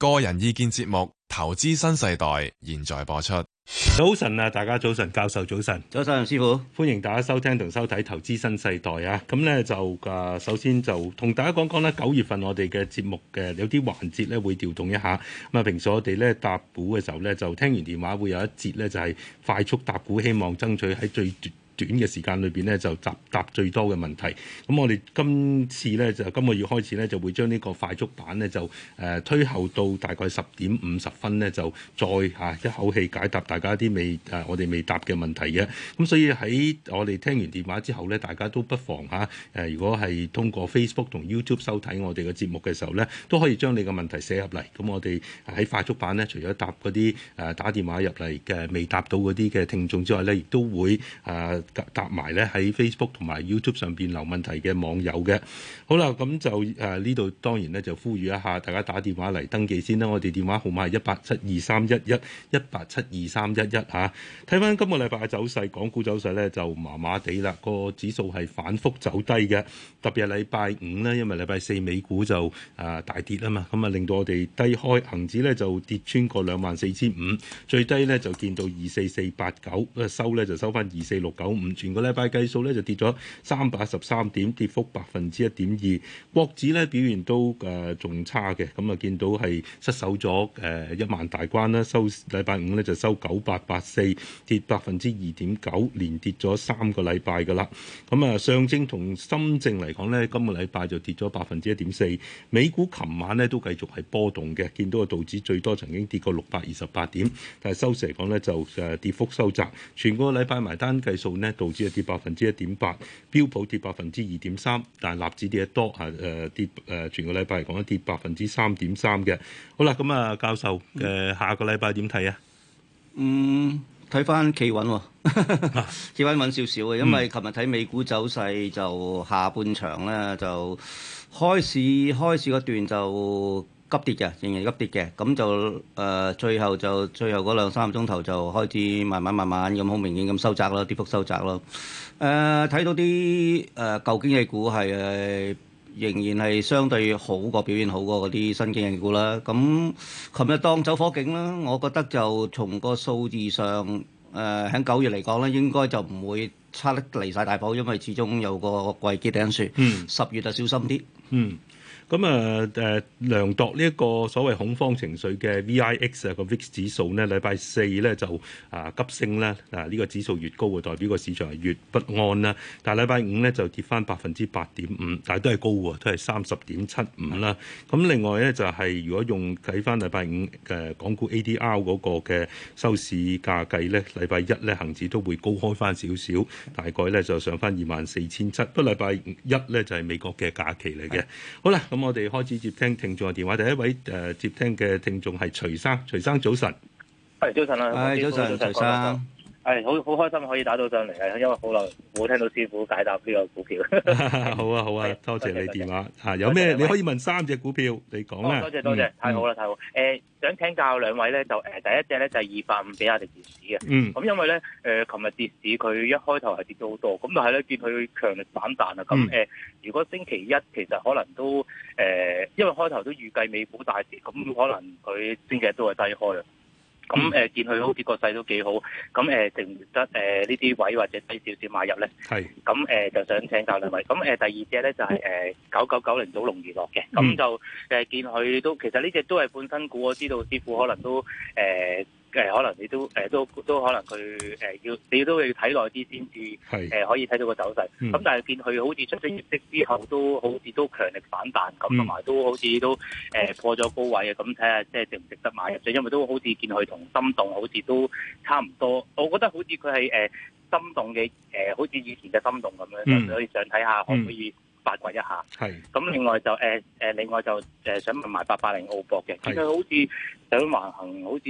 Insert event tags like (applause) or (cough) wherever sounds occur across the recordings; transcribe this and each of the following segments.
個人意見節目《投資新世代》現在播出。早晨啊，大家早晨，教授早晨，早晨師傅，歡迎大家收聽同收睇《投資新世代》啊！咁咧就誒，首先就同大家講講啦。九月份我哋嘅節目嘅有啲環節咧會調動一下。咁啊，平時我哋咧答股嘅時候咧就聽完電話會有一節咧就係快速答股，希望爭取喺最短。短嘅時間裏邊咧，就答答最多嘅問題。咁我哋今次咧就今個月開始咧，就會將呢個快速版咧就誒、呃、推後到大概十點五十分咧，就再嚇、啊、一口氣解答大家啲未誒、啊、我哋未答嘅問題嘅。咁所以喺我哋聽完電話之後咧，大家都不妨嚇誒、啊，如果係通過 Facebook 同 YouTube 收睇我哋嘅節目嘅時候咧，都可以將你嘅問題寫入嚟。咁我哋喺快速版咧，除咗答嗰啲誒打電話入嚟嘅未答到嗰啲嘅聽眾之外咧，亦都會誒。啊搭埋咧喺 Facebook 同埋 YouTube 上邊留問題嘅網友嘅，好啦，咁就誒呢度當然咧就呼籲一下大家打電話嚟登記先啦，我哋電話號碼係一八七二三一一一八七二三一一嚇。睇翻今個禮拜嘅走勢，港股走勢咧就麻麻地啦，個指數係反覆走低嘅，特別係禮拜五咧，因為禮拜四美股就誒、啊、大跌啊嘛，咁啊令到我哋低開恒指咧就跌穿個兩萬四千五，最低咧就見到二四四八九，收咧就收翻二四六九。唔，全個禮拜計數咧，就跌咗三百一十三點，跌幅百分之一點二。國指咧，表現都誒仲差嘅，咁啊見到係失守咗誒一萬大關啦。收禮拜五咧就收九百八十四，跌百分之二點九，連跌咗三個禮拜噶啦。咁啊上證同深證嚟講咧，今個禮拜就跌咗百分之一點四。美股琴晚咧都繼續係波動嘅，見到個道指最多曾經跌過六百二十八點，但係收市嚟講咧就誒跌幅收窄。全個禮拜埋單計數咧。道指係跌百分之一點八，標普跌百分之二點三，但係納指跌得多，誒、呃、誒跌誒、呃，全個禮拜嚟講，跌百分之三點三嘅。好啦，咁啊，教授誒、呃，下個禮拜點睇啊？嗯，睇翻企、哦、 (laughs) 企穩，企翻穩少少嘅，因為琴日睇美股走勢就下半場咧，就開始，開始嗰段就。急跌嘅，仍然急跌嘅，咁就誒最後就最後嗰兩三個鐘頭就開始慢慢慢慢咁好明顯咁收窄咯，跌幅收窄咯。誒睇到啲誒舊經濟股係仍然係相對好過、表現好過嗰啲新經濟股啦。咁琴日當走火警啦，我覺得就從個數字上誒喺九月嚟講咧，應該就唔會差得離曬大譜，因為始終有個季結頂數。十月就小心啲。咁啊誒，量度呢一個所謂恐慌情緒嘅 VIX 啊個 VIX 指數呢，禮拜四呢就啊急升啦。啊呢啊、這個指數越高嘅代表個市場係越不安啦。但係禮拜五呢就跌翻百分之八點五，但係都係高喎，都係三十點七五啦。咁是的 另外呢，就係、是、如果用計翻禮拜五誒港、啊、股 ADR 嗰個嘅收市價計呢，禮拜一呢恆指都會高開翻少少，大概呢就上翻二萬四千七。不過禮拜一呢就係、是、美國嘅假期嚟嘅，是的 好啦。咁、嗯、我哋開始接聽聽眾嘅電話，第一位誒、呃、接聽嘅聽眾係徐生，徐生早晨，係早晨啊，係早晨，早晨徐生。係好好開心可以打到上嚟啊！因為好耐冇聽到師傅解答呢個股票。 (laughs) 是好啊好啊，多謝，多謝你電話嚇。有咩謝你可以問三隻股票你講啊？多謝多謝，嗯、太好啦太好。誒好、呃，想請教兩位咧，就誒、呃、第一隻咧就係二百五，比亞迪跌市嘅。嗯。咁因為咧誒，琴、呃、日跌市，市，佢一開頭係跌咗好多，咁又係咧見佢強力反彈啊。咁誒、嗯，如果星期一其實可能都誒、呃，因為開頭都預計美股大跌，咁可能佢星期日都係低開啊。咁誒、嗯、見佢好似個勢都幾好，咁誒值唔值得誒呢啲位或者俾少少買入咧？係是，咁誒、呃、就想請教兩位。咁誒、呃、第二隻咧就係誒九九九零祖龍娛樂嘅，咁就誒、呃、見佢都其實呢隻都係半新股，我知道師傅可能都誒。呃誒可能你都誒都都可能佢誒要你都要睇耐啲先至誒可以睇到個走勢。咁、嗯、但係見佢好似出咗業績之後都好似都強力反彈咁，同埋都好似都誒破咗高位啊！咁睇下即係值唔值得買入啫？因為都好似見佢同心動好似都差唔多。我覺得好似佢係誒心動嘅誒，好似以前嘅心動咁樣，所以、嗯、想睇下可唔可以、嗯、發掘一下。係是。咁另外就誒誒、呃，另外就誒想問埋八八零澳博嘅，其實佢好似想橫行，好似。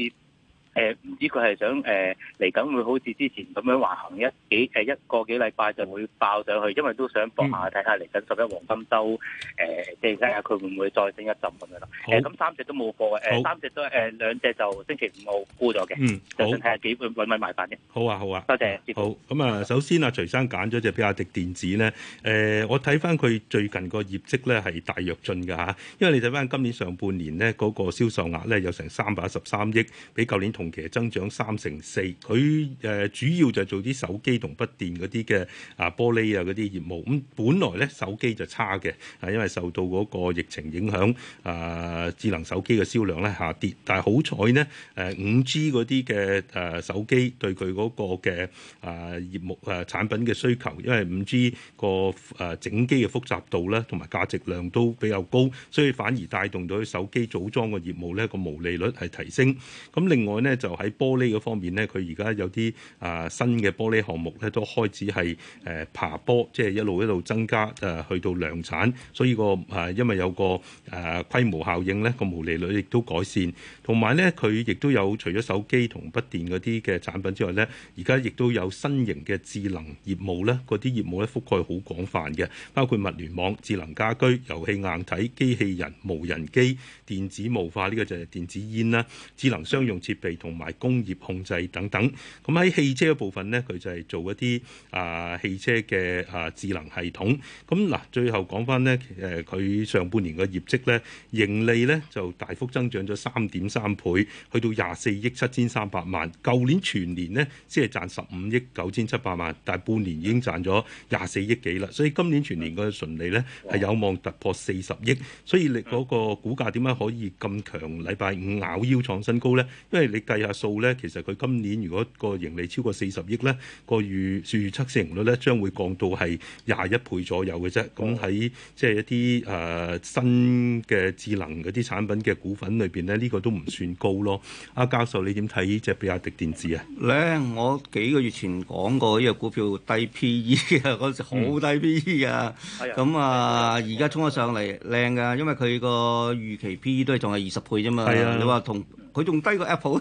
誒唔知佢係想誒嚟緊會好似之前咁樣橫行一幾誒一個幾禮拜就會爆上去，因為都想博下睇下嚟緊十一黃金週誒，睇下佢會唔會再升一陣咁樣咯。誒咁三隻都冇貨嘅，誒三隻都誒兩隻就星期五號沽咗嘅，嗯，就睇下幾揾唔揾埋飯啫。好啊好啊，多謝。好咁啊，首先啊，徐生揀咗隻比亞迪電子咧，誒我睇翻佢最近個業績咧係大躍進㗎嚇，因為你睇翻今年上半年咧嗰個銷售額咧有成三百一十三億，比舊年同其實增長三成四，佢誒主要就係做啲手機同筆電嗰啲嘅啊玻璃啊嗰啲業務。咁本來咧手機就差嘅，啊因為受到嗰個疫情影響，啊智能手機嘅銷量咧下跌。但係好彩咧，誒五 G 嗰啲嘅誒手機對佢嗰個嘅啊業務誒產品嘅需求，因為五 G 個誒整機嘅複雜度咧同埋價值量都比較高，所以反而帶動到佢手機組裝嘅業務咧個毛利率係提升。咁另外咧。就喺玻璃嗰方面咧，佢而家有啲啊新嘅玻璃項目咧，都開始係誒、啊、爬坡，即、就、係、是、一路一路增加，誒、啊、去到量產，所以個誒、啊、因為有個誒、啊、規模效應咧，個毛利率亦都改善。同埋咧，佢亦都有除咗手機同筆電嗰啲嘅產品之外咧，而家亦都有新型嘅智能業務咧，嗰啲業務咧覆蓋好廣泛嘅，包括物聯網、智能家居、遊戲硬體、機器人、無人機、電子霧化呢、這個就係電子煙啦、智能商用設備。同埋工業控制等等，咁喺汽車部分呢，佢就係做一啲啊汽車嘅啊智能系統。咁嗱，最後講翻呢，誒佢上半年嘅業績呢，盈利呢就大幅增長咗三點三倍，去到廿四億七千三百萬。舊年全年呢，先係賺十五億九千七百萬，但係半年已經賺咗廿四億幾啦。所以今年全年嘅純利呢，係有望突破四十億。所以你嗰個股價點解可以咁強？禮拜五咬腰創新高呢，因為你。計下數咧，其實佢今年如果個盈利超過四十億咧，個預預測市盈率咧將會降到係廿一倍左右嘅啫。咁喺即係一啲誒、呃、新嘅智能嗰啲產品嘅股份裏邊咧，呢、這個都唔算高咯。阿、啊、教授，你點睇呢隻比亞迪電子啊？咧，我幾個月前講過呢隻股票低 P E (laughs) 啊，嗰時好低 P E 啊。咁啊，而家衝咗上嚟靚噶，因為佢個預期 P E 都係仲係二十倍啫嘛。啊、你話同？佢仲低過 Apple，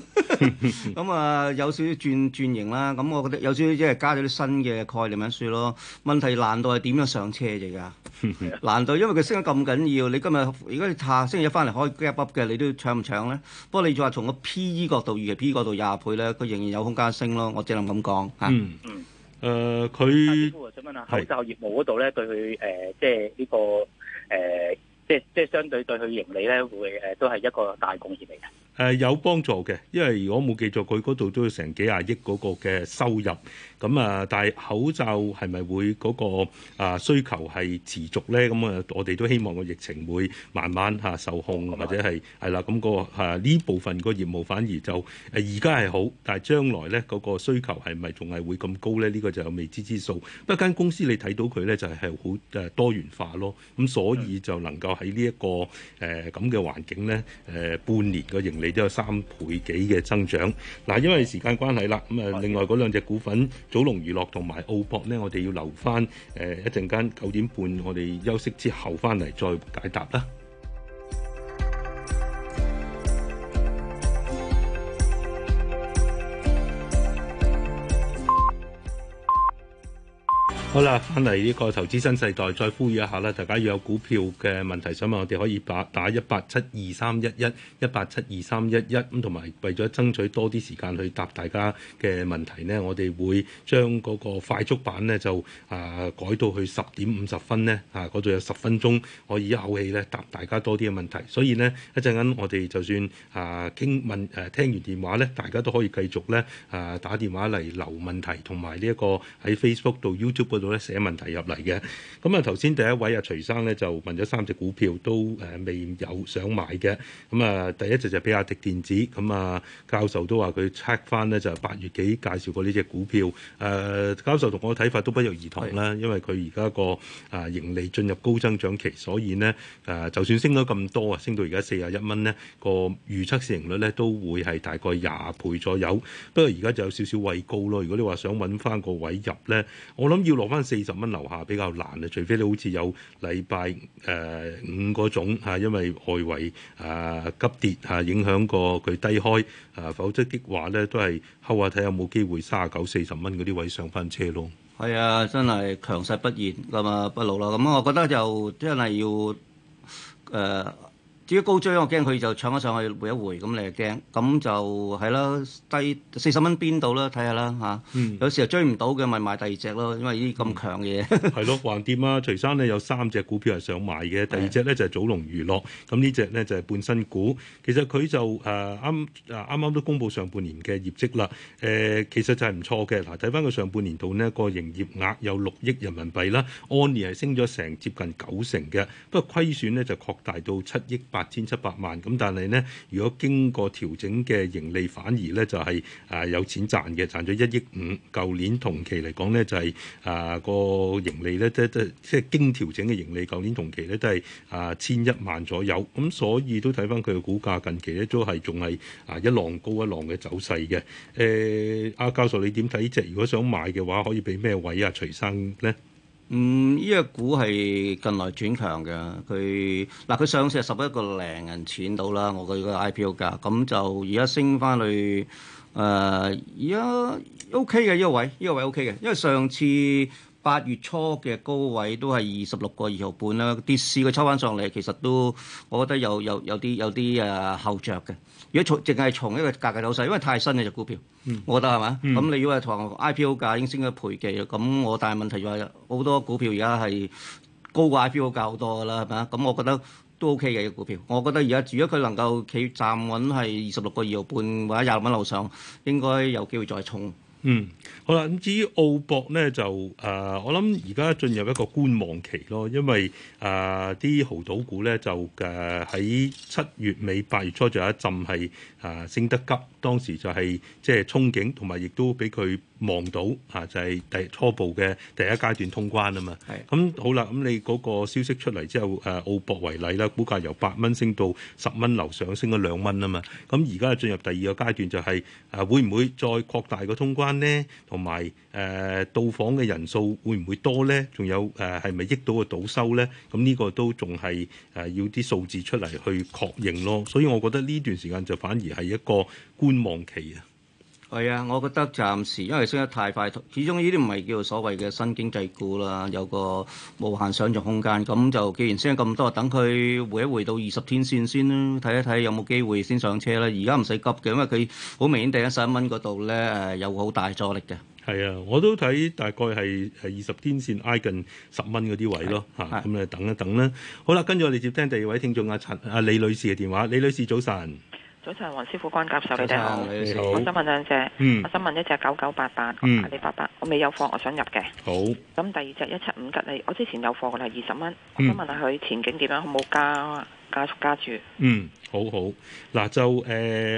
咁啊有少少轉轉型啦。咁我覺得有少少即係加咗啲新嘅概念書咯。問題難度係點樣上車啫？噶 (laughs) 難度，因為佢升得咁緊要。你今日如果你下星期一翻嚟可以 gap up 嘅，你都搶唔搶咧？不過你再話從個 PE 角度、預期 PE 角度廿倍咧，佢仍然有空間升咯。我只能咁講吓。嗯嗯，誒佢、呃、想問下是口罩業務嗰度咧對佢誒、呃、即係呢、呢個誒、呃、即係即係相對對佢盈利咧會誒都係一個大貢獻嚟嘅。誒有幫助嘅，因為如果冇記錯，佢嗰度都有成幾廿億嗰個嘅收入。咁啊，但係口罩係咪會嗰個啊需求係持續咧？咁啊，我哋都希望個疫情會慢慢吓受控，慢慢或者係係啦。咁、嗰個吓呢部分個業務反而就誒而家係好，但係將來咧嗰、嗰個需求係咪仲係會咁高咧？呢、呢個就有未知之數，不過間公司你睇到佢咧就係係好誒多元化咯。咁所以就能夠喺呢一個誒咁嘅環境咧誒、呃、半年嘅盈利，都有三倍幾嘅增長，嗱，因為時間關係啦，咁啊，另外嗰兩隻股份，祖龍娛樂同埋澳博呢，我哋要留翻誒一陣間，九點半，我哋休息之後翻嚟再解答啦。好啦，翻嚟呢個投資新世代，再呼籲一下啦，大家要有股票嘅問題想問我哋，可以打打一八七二三一一一八七二三一一，咁，同埋為咗爭取多啲時間去答大家嘅問題呢，我哋會將嗰個快速版呢就啊、呃、改到去十點五十分呢。啊、呃，嗰度有十分鐘可以一口氣呢答大家多啲嘅問題。所以呢，一陣間我哋就算啊傾、呃、問誒、呃、聽完電話呢，大家都可以繼續呢啊、呃、打電話嚟留問題，同埋呢一個喺 Facebook 到 YouTube。到咧寫問題入嚟嘅，咁啊頭先第一位啊徐生咧就問咗三隻股票都，誒、呃、未有想買嘅，咁、嗯、啊第一隻就比亞迪電子，咁、嗯、啊教授都話佢 check 翻呢，就八、是、月幾介紹過呢隻股票，誒、呃、教授同我嘅睇法都不約而同啦，的因為佢而家個啊盈利進入高增長期，所以呢，誒、呃、就算升咗咁多啊，升到而家四十一蚊呢，個預測市盈率呢都會係大概廿倍左右，不過而家就有少少畏高咯。如果你話想揾翻個位入咧，我諗要落。攞翻四十蚊樓下比較難啊！除非你好似有禮拜誒五嗰種嚇，因為外圍啊急跌嚇影響過佢低開啊，否則的話咧都係睺下睇有冇機會三啊九四十蚊嗰啲位上翻車咯。係啊，真係強勢不言，咁啊不老啦。咁我覺得就真係要誒。呃至於高追我驚佢就搶咗上去回一回，咁你就驚，咁就係啦。低四十蚊邊度啦？睇下啦嚇。看看嗯、有時候追唔到嘅，咪買第二隻咯。因為呢啲咁強嘅嘢。係咯、嗯，橫掂啊，徐生呢有三隻股票係想買嘅，第二隻咧就係、是、祖龍娛樂。咁的呢隻咧就係、是、半新股。其實佢就誒啱啱啱都公佈上半年嘅業績啦。誒、呃，其實就係唔錯嘅。嗱，睇翻佢上半年度呢個營業額有六億人民幣啦，按年係升咗成接近九成嘅。不過虧損咧就擴大到七億。八千七百萬咁，但係咧，如果經過調整嘅盈，、就是呃、盈利，反而咧就係啊有錢賺嘅，賺咗一億五。舊年同期嚟講咧，就係啊個盈利咧，即即即經調整嘅盈利，舊年同期咧都係啊千一萬左右。咁所以都睇返佢嘅股價近期咧，都係仲係啊一浪高一浪嘅走勢嘅。誒、呃，阿教授你點睇呢隻？如果想買嘅話，可以俾咩位啊？徐生咧？嗯，依個股係近來轉強嘅，佢嗱佢上次係十一個零銀錢到啦，我個 IPO 價，咁就而家升翻去，誒而家 OK 嘅依個位，依個位 OK 嘅，因為上次。八月初嘅高位都係二十六個二毫半啦，跌市佢抽翻上嚟，其實都我覺得有有有啲有啲誒後着嘅。如果從淨係從一個價格嚟睇，因為太新嘅隻股票，我覺得係嘛？咁你如果話從 IPO 價已經升咗倍幾，咁我但係問題就係好多股票而家係高過 IPO 價好多啦，係咪啊？咁我覺得都 OK 嘅隻股票。我覺得而家如果佢能夠企站穩係二十六個二毫半或者廿六蚊樓上，應該有機會再衝。嗯，好啦，咁至於澳博咧就誒、呃、我諗而家進入一個觀望期咯，因為誒啲、呃、濠賭股咧就誒喺、呃、七月尾八月初仲有一陣係誒、呃、升得急，當時就係即係憧憬同埋亦都俾佢望到啊，就係、是、第初步嘅第一階段通關的啊嘛。係咁好啦，咁你嗰個消息出嚟之後誒、呃、澳博為例啦，股價由八蚊升到十蚊樓上升，升咗兩蚊啊嘛。咁而家進入第二個階段就係、是、誒、啊、會唔會再擴大個通關，呢，同埋誒到訪嘅人數會唔會多呢？仲有誒係咪益到個賭收呢？咁呢個都仲係誒要啲數字出嚟去確認咯。所以我覺得呢段時間就反而係一個觀望期啊。係啊，我覺得暫時因為升得太快，始終呢啲唔係叫做所謂嘅新經濟股啦，有個無限想像空間。咁就既然升得咁多，等佢回一回到二十天線先啦，睇一睇有冇機會先上車啦。而家唔使急嘅，因為佢好明顯第一、十一蚊嗰度咧，誒有好大阻力嘅。係啊，我都睇大概係係二十天線挨近十蚊嗰啲位咯，嚇咁誒等一等啦。好啦，跟住我哋接聽第二位聽眾阿陳阿李女士嘅電話。李女士早晨。早晨，黃師傅，關教授，你哋好。我想問兩隻，嗯、我想問一隻九九八八，李八八，我未有貨，我想入嘅。好。咁第二隻一七五吉利，我之前有貨㗎喇，二十蚊。我想問下佢前景點樣，好冇加加速加住？嗯。好好嗱，就誒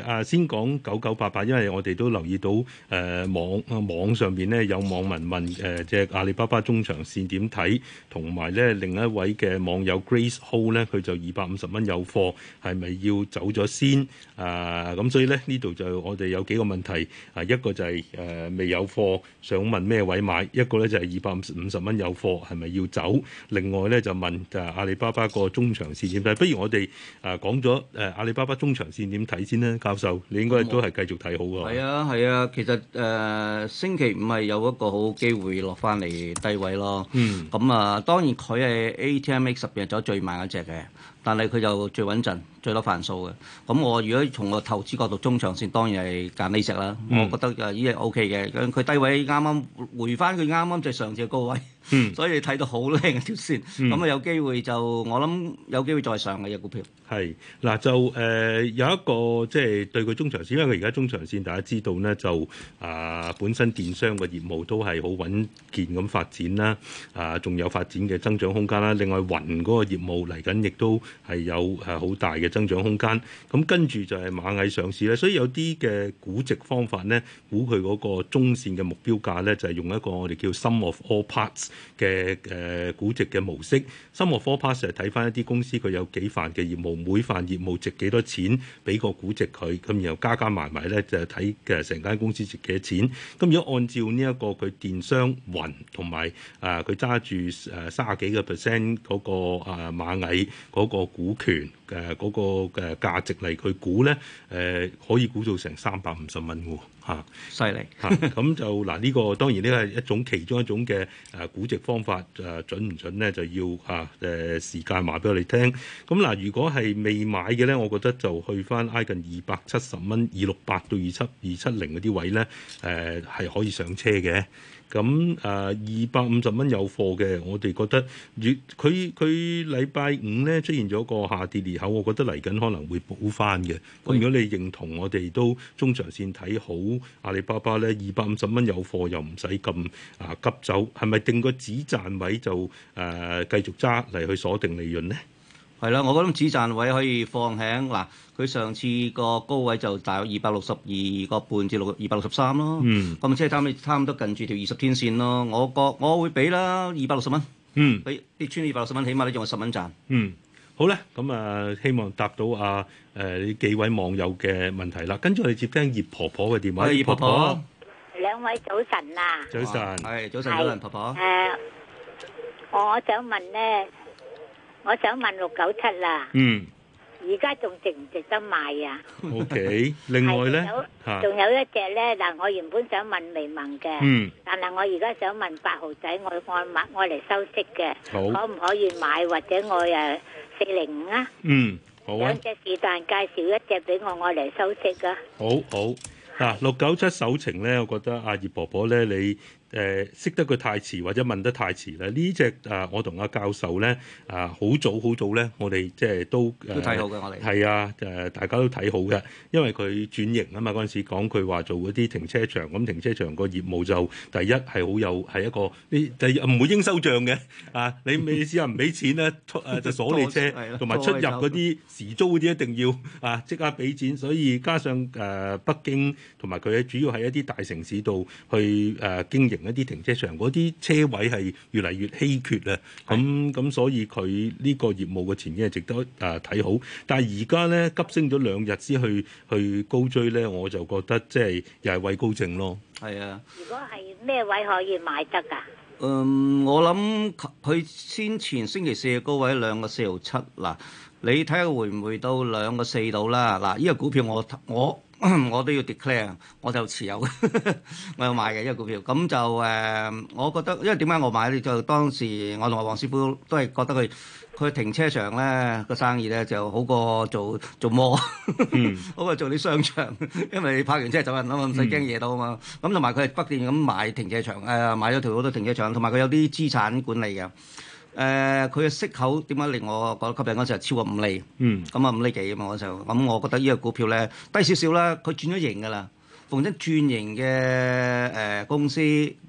啊、呃、先講九九八八，因為我哋都留意到誒、呃、網啊網上邊咧有網民問誒、呃，即係阿里巴巴中長線點睇，同埋咧另一位嘅網友 Grace Hall 咧，佢就二百五十蚊有貨，係咪要走咗先啊？咁所以咧呢度就我哋有幾個問題啊，一個就係、是、誒、呃、未有貨，想問咩位買，一個咧就係二百五十五十蚊有貨，係咪要走？另外咧就問就、呃、阿里巴巴個中長線點睇？不如我哋誒講咗。呃誒、啊、阿里巴巴中長線點睇先咧？教授，你應該都係繼續睇好㗎。係啊，係啊，其實誒、呃、星期五係有一個好機會落翻嚟低位咯。嗯。咁啊、嗯，當然佢係 ATMX 入邊走最慢一隻嘅。但係佢就最穩陣，最多番數嘅。咁我如果從個投資角度中長線，當然係揀呢隻啦。嗯、我覺得誒依樣 O K 嘅，佢低位啱啱回翻，佢啱啱最上次嘅高位，嗯、所以睇到好靚嘅條線。咁啊、嗯、有機會就我諗有機會再上嘅依、這個、股票。係嗱就誒、呃、有一個即係、就是、對佢中長線，因為佢而家中長線大家知道呢，就啊、呃、本身電商嘅業務都係好穩健咁發展啦，啊、呃、仲有發展嘅增長空間啦。另外雲嗰個業務嚟緊亦都。係有係好大嘅增長空間，咁跟住就係螞蟻上市咧，所以有啲嘅估值方法咧，估佢嗰個中線嘅目標價咧，就係、是、用一個我哋叫 sum、um、of all parts。嘅誒估值嘅模式，森和科 pass 係睇翻一啲公司佢有幾範嘅業務，每範業務值幾多錢，俾個估值佢，咁然後加加埋埋咧就睇成間公司值幾多錢，咁如果按照呢一個佢電商雲同埋啊佢揸住誒卅幾個 percent 嗰個螞蟻嗰個股權。誒嗰、啊那個誒價值嚟，佢估咧誒可以估做成三百五十蚊喎嚇，犀利！咁、啊厲害 (laughs) 啊、就嗱呢、啊這個當然呢係一種其中一種嘅誒、啊、估值方法誒、啊、準唔準咧就要啊誒、呃、時間話俾我哋聽。咁、啊、嗱，如果係未買嘅咧，我覺得就去翻挨近二百七十蚊、二六八到二七二七零嗰啲位咧誒係可以上車嘅。咁誒二百五十蚊有貨嘅，我哋覺得越佢，佢禮拜五咧出現咗個下跌裂口，我覺得嚟緊可能會補翻嘅。咁是如果你認同我哋都中長線睇好阿里巴巴咧，二百五十蚊有貨又唔使咁啊急走，係咪定個止賺位就誒繼、啊、續揸嚟去鎖定利潤咧？係啦，我覺得止賺位可以放喺嗱，佢上次個高位就大約二百六十二個半至六二百六十三咯。咁即係差唔多近住條二十天線咯。我覺我會俾啦二百六十蚊，嗯，俾跌穿二百六十蚊，起碼你仲有十蚊賺。嗯，好咧，咁、嗯、啊，希望答到啊呢、呃、幾位網友嘅問題啦。跟住我哋接聽葉婆婆嘅電話。葉婆婆，婆婆兩位早晨啊！早晨，係、啊、早、早晨，早晨，婆婆。誒，uh, 我想問咧。我想問六九七啦，嗯，而家仲值唔值得買啊？O、okay, K，另外咧，仲有，、啊、有一隻咧嗱，我原本想問微盟嘅，嗯，但係我而家想問八號仔，我愛買，我嚟收息嘅，好，可唔可以買或者我誒四零五啊？啊嗯，好啊，兩隻是但介紹一隻俾我，我嚟收息噶、啊。好好嗱，六九七首程咧，我覺得阿葉婆婆咧，你。誒識得佢太遲或者問得太遲啦呢隻誒我同阿教授咧啊，好早好早咧，我哋即係都都睇好嘅，我哋係啊，誒大家都睇好嘅，因為佢轉型啊嘛。陣時講佢話做啲停車場咁，停車場個業務就第一係好有係一個，第二唔會應收賬嘅 (laughs) 啊。你你試下唔俾錢咧？誒就鎖你車，同埋出入啲時租啲一定要啊即刻俾錢，所以加上誒、啊、北京同埋佢主要係一啲大城市度去誒、啊、經營。一啲停車場嗰啲車位係越嚟越稀缺啊！咁咁的，所以佢呢個業務嘅前景係值得誒睇、啊、好。但係而家咧急升咗兩日先去去高追咧，我就覺得即係又係位高證咯。係啊！如果係咩位可以買得㗎？嗯，我諗佢先前星期四嘅高位兩個四毫七，嗱你睇下會唔會到兩個四度啦？嗱，呢、呢個股票我我。我都要 declare，我就持有， (laughs) 我有買嘅一隻股票。咁就誒、呃，我覺得，因為點解我買咧？就當時我同阿黃師傅都係覺得佢，佢停車場咧個生意咧就好過做做摩， (laughs) 嗯、好過做啲商場，因為你泊完車走人啊嘛，唔使驚嘢到啊嘛。咁同埋佢係不斷咁買停車場，誒、呃、買咗條好多停車場，同埋佢有啲資產管理嘅。誒，佢嘅息口點解令我覺得吸引嗰陣，就超過五厘，咁啊五厘幾啊嘛，嗰陣，咁我覺得呢個股票咧低少少啦，佢轉咗型㗎啦，逢一轉型嘅，誒公司，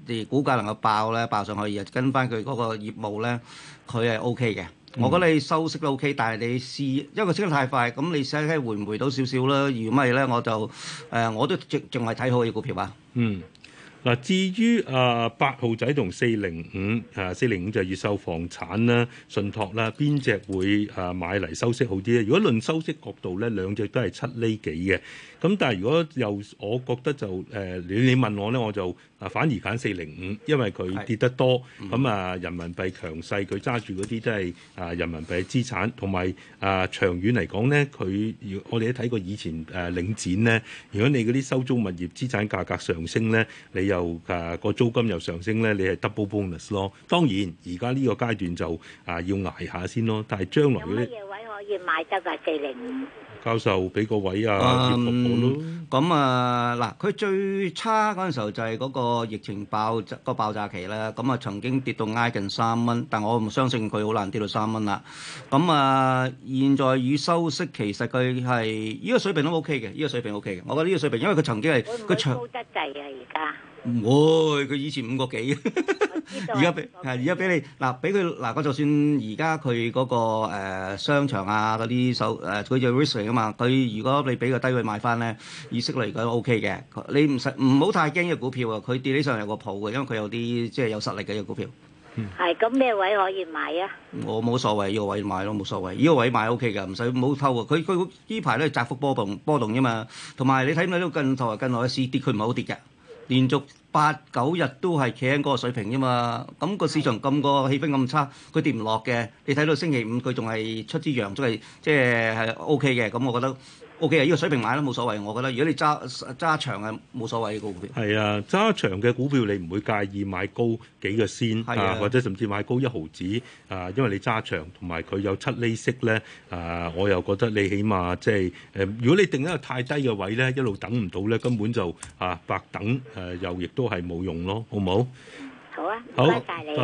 啲股價能夠爆咧，爆上去又跟翻佢嗰個業務咧，佢係 O K 嘅。我覺得你收息都 O K，但係你試，因為佢升得太快，咁你睇睇回唔回到少少啦。如果唔係咧，我就誒我都仲仲係睇好依個股票啊。嗯。嗱，至於啊八號仔同四零五啊，四零五就係越秀房產啦、信託啦，邊隻會啊買嚟收息好啲咧？如果論收息角度咧，兩隻都係七厘幾嘅。咁但係如果又，我覺得就誒，你你問我咧，我就啊反而揀四零五，因為佢跌得多。咁啊是，人民幣強勢，佢揸住嗰啲都係啊人民幣資產，同埋啊長遠嚟講咧，佢我哋都睇過以前誒領展咧。如果你嗰啲收租物業資產價格上升咧，你又誒個、啊、租金又上升咧，你係 double bonus 咯。當然而家呢個階段就啊要捱下先咯。但係將來有乜嘢位可以買得㗎？四零五教授俾個位啊，跌落去咯。咁啊嗱，佢、嗯、最差嗰陣時候就係嗰個疫情爆、那個爆炸期啦。咁、嗯、啊、嗯、曾經跌到挨近三蚊，但我唔相信佢好難跌到三蚊啦。咁、嗯、啊、嗯、現在已收息，其實佢係呢個水平都 O K 嘅。呢、這個水平 O K 嘅，我覺得呢個水平，因為佢曾經係佢長會唔會高得滯啊，而家。唔會，佢、哦、以前五個幾，而家俾係而家俾你嗱，俾佢嗱。我就算而家佢嗰個、呃、商場啊，嗰啲手誒，佢做 rising 啊嘛。佢如果你俾個低位買翻咧，意識嚟講 O K 嘅。你唔使唔好太驚嘅股票啊。佢跌起上嚟有個譜嘅，因為佢有啲即係有實力嘅一個股票。係咁，咩位可以買啊？我冇所謂，呢個位買咯，冇所謂，呢個位買 O K 嘅，唔使唔好偷啊。佢佢呢排咧窄幅波動波動啫嘛。同埋你睇唔睇到近台啊？近內市跌佢唔係好跌嘅。連續八九日都係企喺嗰個水平啫嘛，咁個市場咁個氣氛咁差，佢跌唔落嘅。你睇到星期五佢仲係出支陽，仲係即係 O K 嘅。咁、係 OK、我覺得。O K 啊，依、okay, 個水平買咯，冇所謂。我覺得，如果你揸揸長啊，冇所謂嘅股票。係啊，揸長嘅股票你唔會介意買高幾個先啊，或者甚至買高一毫子啊，因為你揸長同埋佢有七厘息咧啊，我又覺得你起碼即係誒，如果你定一個太低嘅位咧，一路等唔到咧，根本就啊白等誒、啊，又亦都係冇用咯，好唔好？好啊，多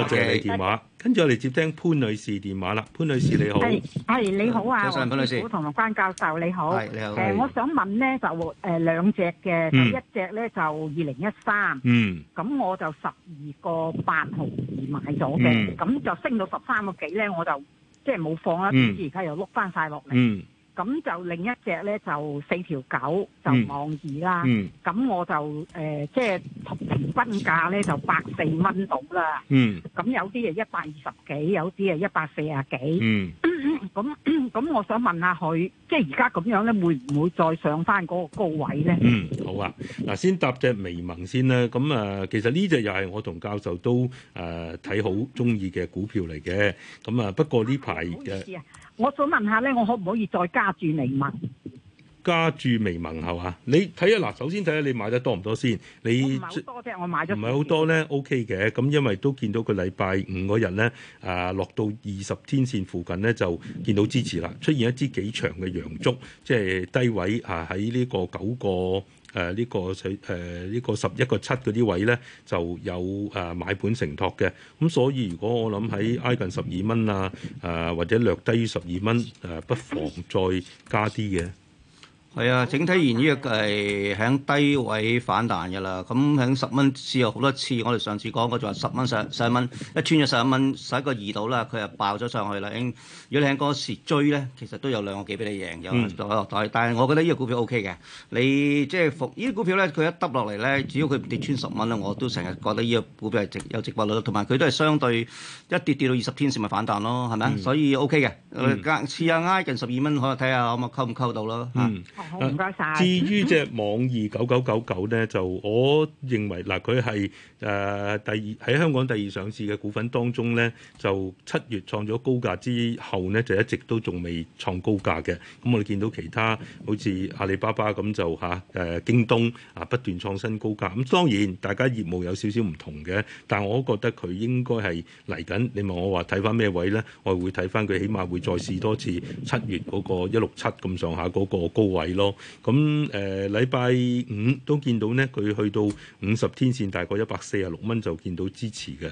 謝你電話。跟住謝我嚟接聽潘女士電話啦。潘女士你好，係你好啊，黃師傅同埋關教授你好。誒，我想問咧，就誒兩隻嘅，第一隻咧就二零一三，咁我就十二個八毫二買咗嘅，咁、嗯、就升到十三個幾咧，我就即係冇放啦，嗯、而家又碌翻晒落嚟。嗯咁就另一隻咧，就四條狗就望二啦。咁、嗯、我就誒，即係同平均價咧就百四蚊到啦。咁、嗯、有啲係一百二十幾，有啲係一百四啊幾。咁咁、嗯，嗯、我想問下佢，即係而家咁樣咧，會唔會再上翻嗰個高位咧？嗯，好啊。嗱，先答隻微盟先啦。咁啊，其實呢隻又係我同教授都誒睇好中意嘅股票嚟嘅。咁啊，不過呢排嘅。我想問下咧，我可唔可以再加注微盟？加注微盟係嘛？你睇下嗱，首先睇下你買得多唔多先。你唔係多啫，我買咗唔係好多咧，OK 嘅。咁因為都見到個禮拜五嗰日咧，啊落到二十天線附近咧，就見到支持啦，出現一支幾長嘅陽燭，即係低位啊喺呢個九個。誒、呃這個呃這個、呢個誒呢個十一個七嗰啲位咧，就有誒、呃、買盤承托嘅，咁所以如果我諗喺挨近十二蚊啊，誒、呃、或者略低於十二蚊，誒、呃、不妨再加啲嘅。係啊，整體現呢個係喺低位反彈㗎啦。咁喺十蚊試過好多次，我哋上次講過就話十蚊上十蚊，一穿咗十一蚊，使個二道啦，佢又爆咗上去啦。如果你喺嗰時追咧，其實都有兩個幾俾你贏嘅落袋。但係我覺得呢個股票 O K 嘅，你即係服呢啲股票咧，佢一耷落嚟咧，只要佢唔跌穿十蚊咧，我都成日覺得呢個股票係值有值博率，同埋佢都係相對一跌跌到二十天線咪反彈咯，係咪、嗯、所以 O K 嘅，嗯、隔試下挨近十二蚊，可以睇下可唔可溝唔溝到咯嚇。嗯。唔該晒。謝謝。至於隻網易九九九九咧，就我認為嗱，佢係誒第二喺香港第二上市嘅股份當中咧，就七月創咗高價之後咧，就一直都仲未創高價嘅。咁我哋見到其他好似阿里巴巴咁就吓誒、啊、京東啊不斷創新高價，咁當然大家業務有少少唔同嘅，但我覺得佢應該係嚟緊。你問我話睇翻咩位咧，我會睇翻佢，起碼會再試多次七月嗰個一六七咁上下嗰個高位。係咯，咁誒禮拜五都見到呢，佢去到五十天線大概一百四啊六蚊就見到支持嘅。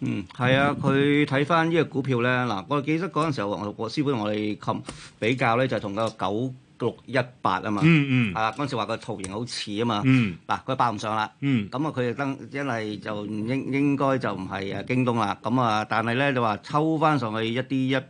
嗯，係啊，佢睇翻呢個股票咧，嗱、啊，我記得嗰陣時候黃學師傅同我哋冚比較咧，就同、係、個九六一八啊嘛。嗯嗯。啊，嗰陣時話個圖形好似啊嘛。嗯。嗱，佢爆唔上啦。嗯。咁啊，佢就登，因為就應應該就唔係誒京東啦。咁啊，但係咧，你話抽翻上去一啲一。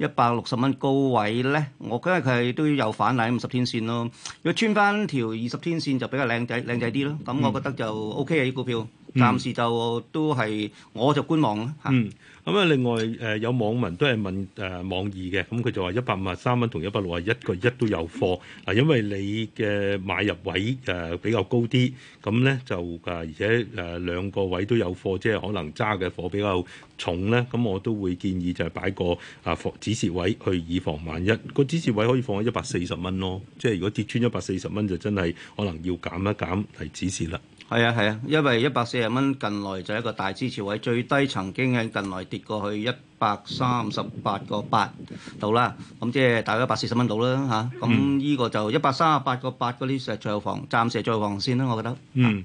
一百六十蚊高位咧，我覺得佢都要有反底五十天線咯。如果穿翻條二十天線就比較靚仔靚仔啲咯。咁我覺得就 O K 嘅。啲，嗯、股票，暫時就都係我就觀望啦嚇。嗯咁啊，另外誒有網民都係問誒網易嘅。咁、啊、佢、嗯、就話一百五十三蚊同一百六十啊一個一都有貨，嗱、啊，因為你嘅買入位誒、啊、比較高啲，咁、嗯、咧就誒、啊、而且誒、啊、兩個位都有貨，即係可能揸嘅貨比較重咧，咁、嗯、我都會建議就係擺個啊防止蝕位去以防萬一，個止蝕位可以放喺一百四十蚊咯，即係如果跌穿一百四十蚊就真係可能要減一減嚟止蝕啦。就是係啊係啊，因為一百四十蚊近來就係一個大支持位，最低曾經喺近來跌過去一百三十八個八度啦。咁即係大概一百四十蚊到啦嚇。咁、啊、呢、嗯、個就一百三十八個八嗰啲係最後防，暫時係最後防先啦，我覺得。啊、嗯。誒、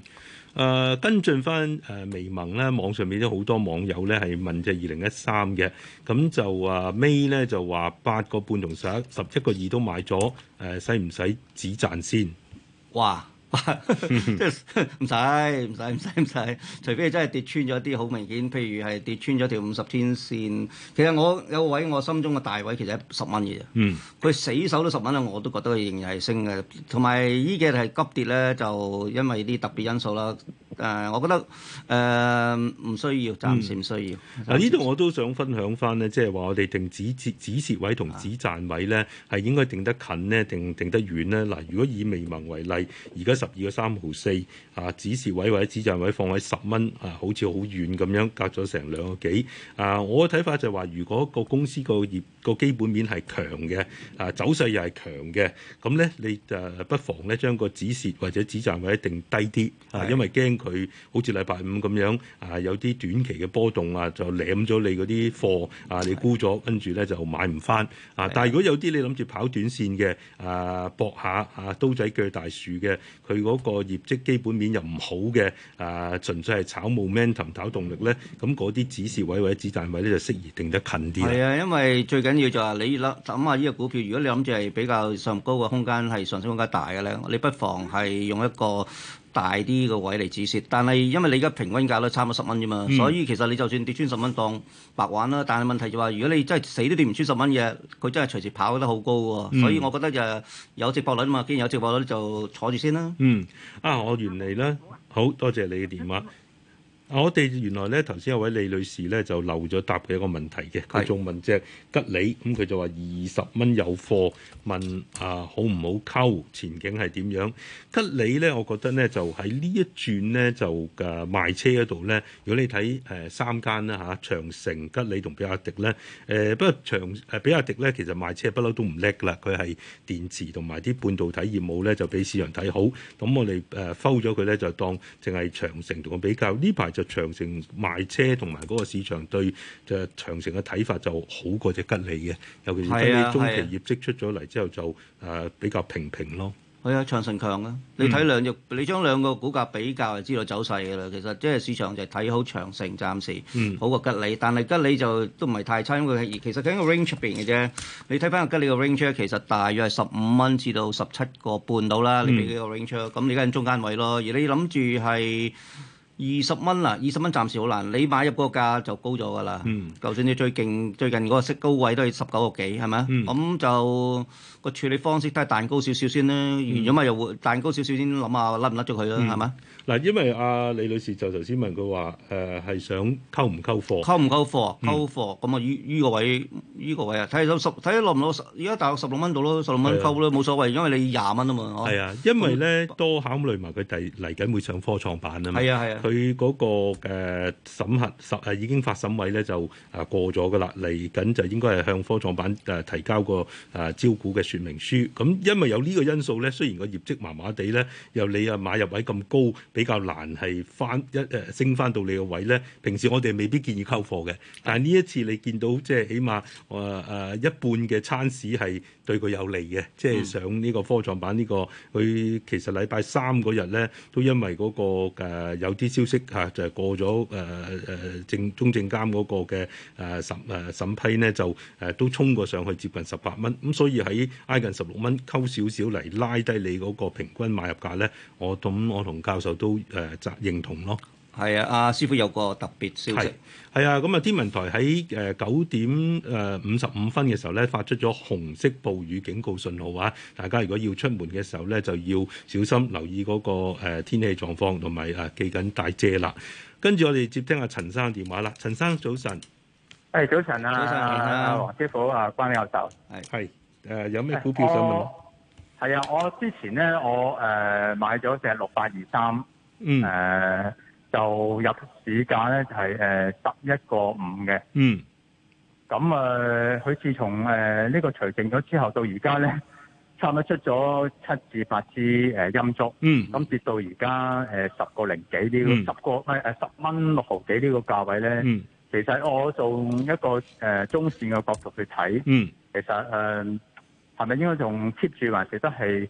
呃、跟進翻誒微盟咧，網上面都好多網友咧係問就呢，就二零一三嘅，咁就話尾咧就話八個半同十一十一個二都買咗，誒使唔使止賺先？哇！即係唔使唔使唔使唔使，除非真係跌穿咗啲好明顯，譬如係跌穿咗條五十天線。其實我有位我心中嘅大位，其實十蚊嘅啫。佢 (laughs) 死守都十蚊啦，我都覺得佢仍然係升嘅。同埋依嘅係急跌咧，就因為啲特別因素啦。誒，我覺得誒唔、呃、需要，暫時唔需要。嗱、嗯，呢度我都想分享翻咧，即係話我哋定止止止蝕位同止賺位呢，係應該定得近呢，定定得遠呢。嗱，如果以微盟為例，而家十二個三毫四啊，止蝕位或者止賺位放喺十蚊啊，好似好遠咁樣，隔咗成兩個幾啊。我嘅睇法就係話，如果個公司個業個基本面係強嘅，啊走勢又係強嘅，咁呢，你就不妨呢將個止蝕或者止賺位定低啲啊，的因為驚。佢好似禮拜五咁樣啊，有啲短期嘅波動啊，就舐咗你嗰啲貨啊，你沽咗，跟住咧就買唔翻啊！但係如果有啲你諗住跑短線嘅啊，搏下啊刀仔鋸大樹嘅，佢嗰個業績基本面又唔好嘅啊，純粹係炒 momentum、炒動力咧，咁嗰啲指示位或者指彈位咧就適宜定得近啲。係啊，因為最緊要就係你諗諗下呢個股票，如果你諗住係比較上高嘅空間係上升空間大嘅咧，你不妨係用一個，大啲個位嚟止蝕，但係因為你而家平均價都差唔多十蚊啫嘛，嗯、所以其實你就算跌穿十蚊當白玩啦。但係問題就話，如果你真係死都跌唔穿十蚊嘅，佢真係隨時跑得好高喎。嗯、所以我覺得就有值博率嘛，既然有值博率就坐住先啦。嗯，啊我原嚟咧，好多謝你嘅電話。我哋原來咧，頭先有位李女士咧就漏咗答嘅一個問題嘅，佢仲是問隻吉利，咁佢就話二十蚊有貨，問啊好唔好溝，前景係點樣？吉利咧，我覺得咧就喺呢一轉咧就嘅、啊、賣車嗰度咧，如果你睇誒、呃、三間啦嚇，長城、吉利同比亞迪咧，誒不過長誒比亞迪咧其實賣車不嬲都唔叻啦，佢係電池同埋啲半導體業務咧就俾市場睇好，咁我哋誒摟咗佢咧就當淨係長城同佢比較呢排。就長城賣車同埋嗰個市場對就長城嘅睇法就好過隻吉利嘅，尤其是啲中期業績出咗嚟之後就誒比較平平咯。係啊，啊長城強啊！嗯、你睇兩隻，你將兩個股價比較，就知道走勢嘅啦。其實即係市場就係睇好長城暫時，好過吉利，但係吉利就都唔係太差，因為其實佢喺個 range 入邊嘅啫。你睇翻個吉利嘅 range，其實大約係十五蚊至到十七個半到啦。你俾幾個 range 咁，你喺中間位咯。而你諗住係。二十蚊啦！二十蚊暫時好難，你買入嗰個價就高咗㗎啦。就算你最勁最近嗰個息高位都係十九個幾，係咪？咁、嗯、就個處理方式都係彈高少少先啦。完咗咪又會彈高少少先諗下甩唔甩咗佢啦，係咪、嗯？嗱，因為阿李女士就頭先問佢話，誒、呃、係想溝唔溝貨？溝唔溝貨？溝貨咁啊？依依、嗯、個位，依個位啊，睇得十，睇得落唔落十？而家大概十六蚊度咯，十六蚊溝咧冇所謂，因為你廿蚊啊嘛，係啊，因為咧多考慮埋佢第嚟緊會上科創板啊嘛。係啊，係啊，佢嗰、那個誒、呃、審核十誒已經發審委咧就啊過咗噶啦，嚟緊就應該係向科創板誒提交個誒招股嘅説明書。咁因為有呢個因素咧，雖然個業績麻麻地咧，又你啊買入位咁高。比較難係翻一誒、啊、升翻到你個位咧。平時我哋未必建議溝貨嘅，但係呢一次你見到即係起碼誒誒、啊啊、一半嘅餐市係對佢有利嘅，即係上呢個科創板呢、這個。佢其實禮拜三嗰日咧，都因為嗰、那個、啊、有啲消息嚇、啊、就係、是、過咗誒誒正中證監嗰個嘅誒、啊、審誒、啊、審批咧，就誒、啊、都衝過上去接近十八蚊。咁、嗯、所以喺挨近十六蚊，溝少少嚟拉低你嗰個平均買入價咧，我同我同教授都。都誒贊認同咯，係啊！阿 (music) 師傅有個特別消息，係啊！咁啊，天文台喺誒九點誒五十五分嘅時候咧，發出咗紅色暴雨警告信號啊！大家如果要出門嘅時候咧，就要小心留意嗰個天氣狀況，同埋誒記緊帶遮啦。跟住我哋接聽阿陳生電話啦，陳生早晨，hey, 早晨，誒早晨啊，黃好師傅啊，關友壽，係係誒，有咩股票想問咯？係啊、hey,，我之前咧，我誒買咗隻六八二三。嗯，誒、呃、就入市價咧就係誒十一個五嘅。呃、嗯，咁誒佢自從誒呢、呃這個除淨咗之後，到而家咧差唔多出咗七至八支誒陰、呃、燭。嗯，咁跌到而家誒十個零幾呢個、嗯、十個唔係、呃、十蚊六毫幾呢個價位咧。嗯，其實我做一個誒、呃、中線嘅角度去睇，嗯，其實誒係咪應該仲 keep 住，還其都係？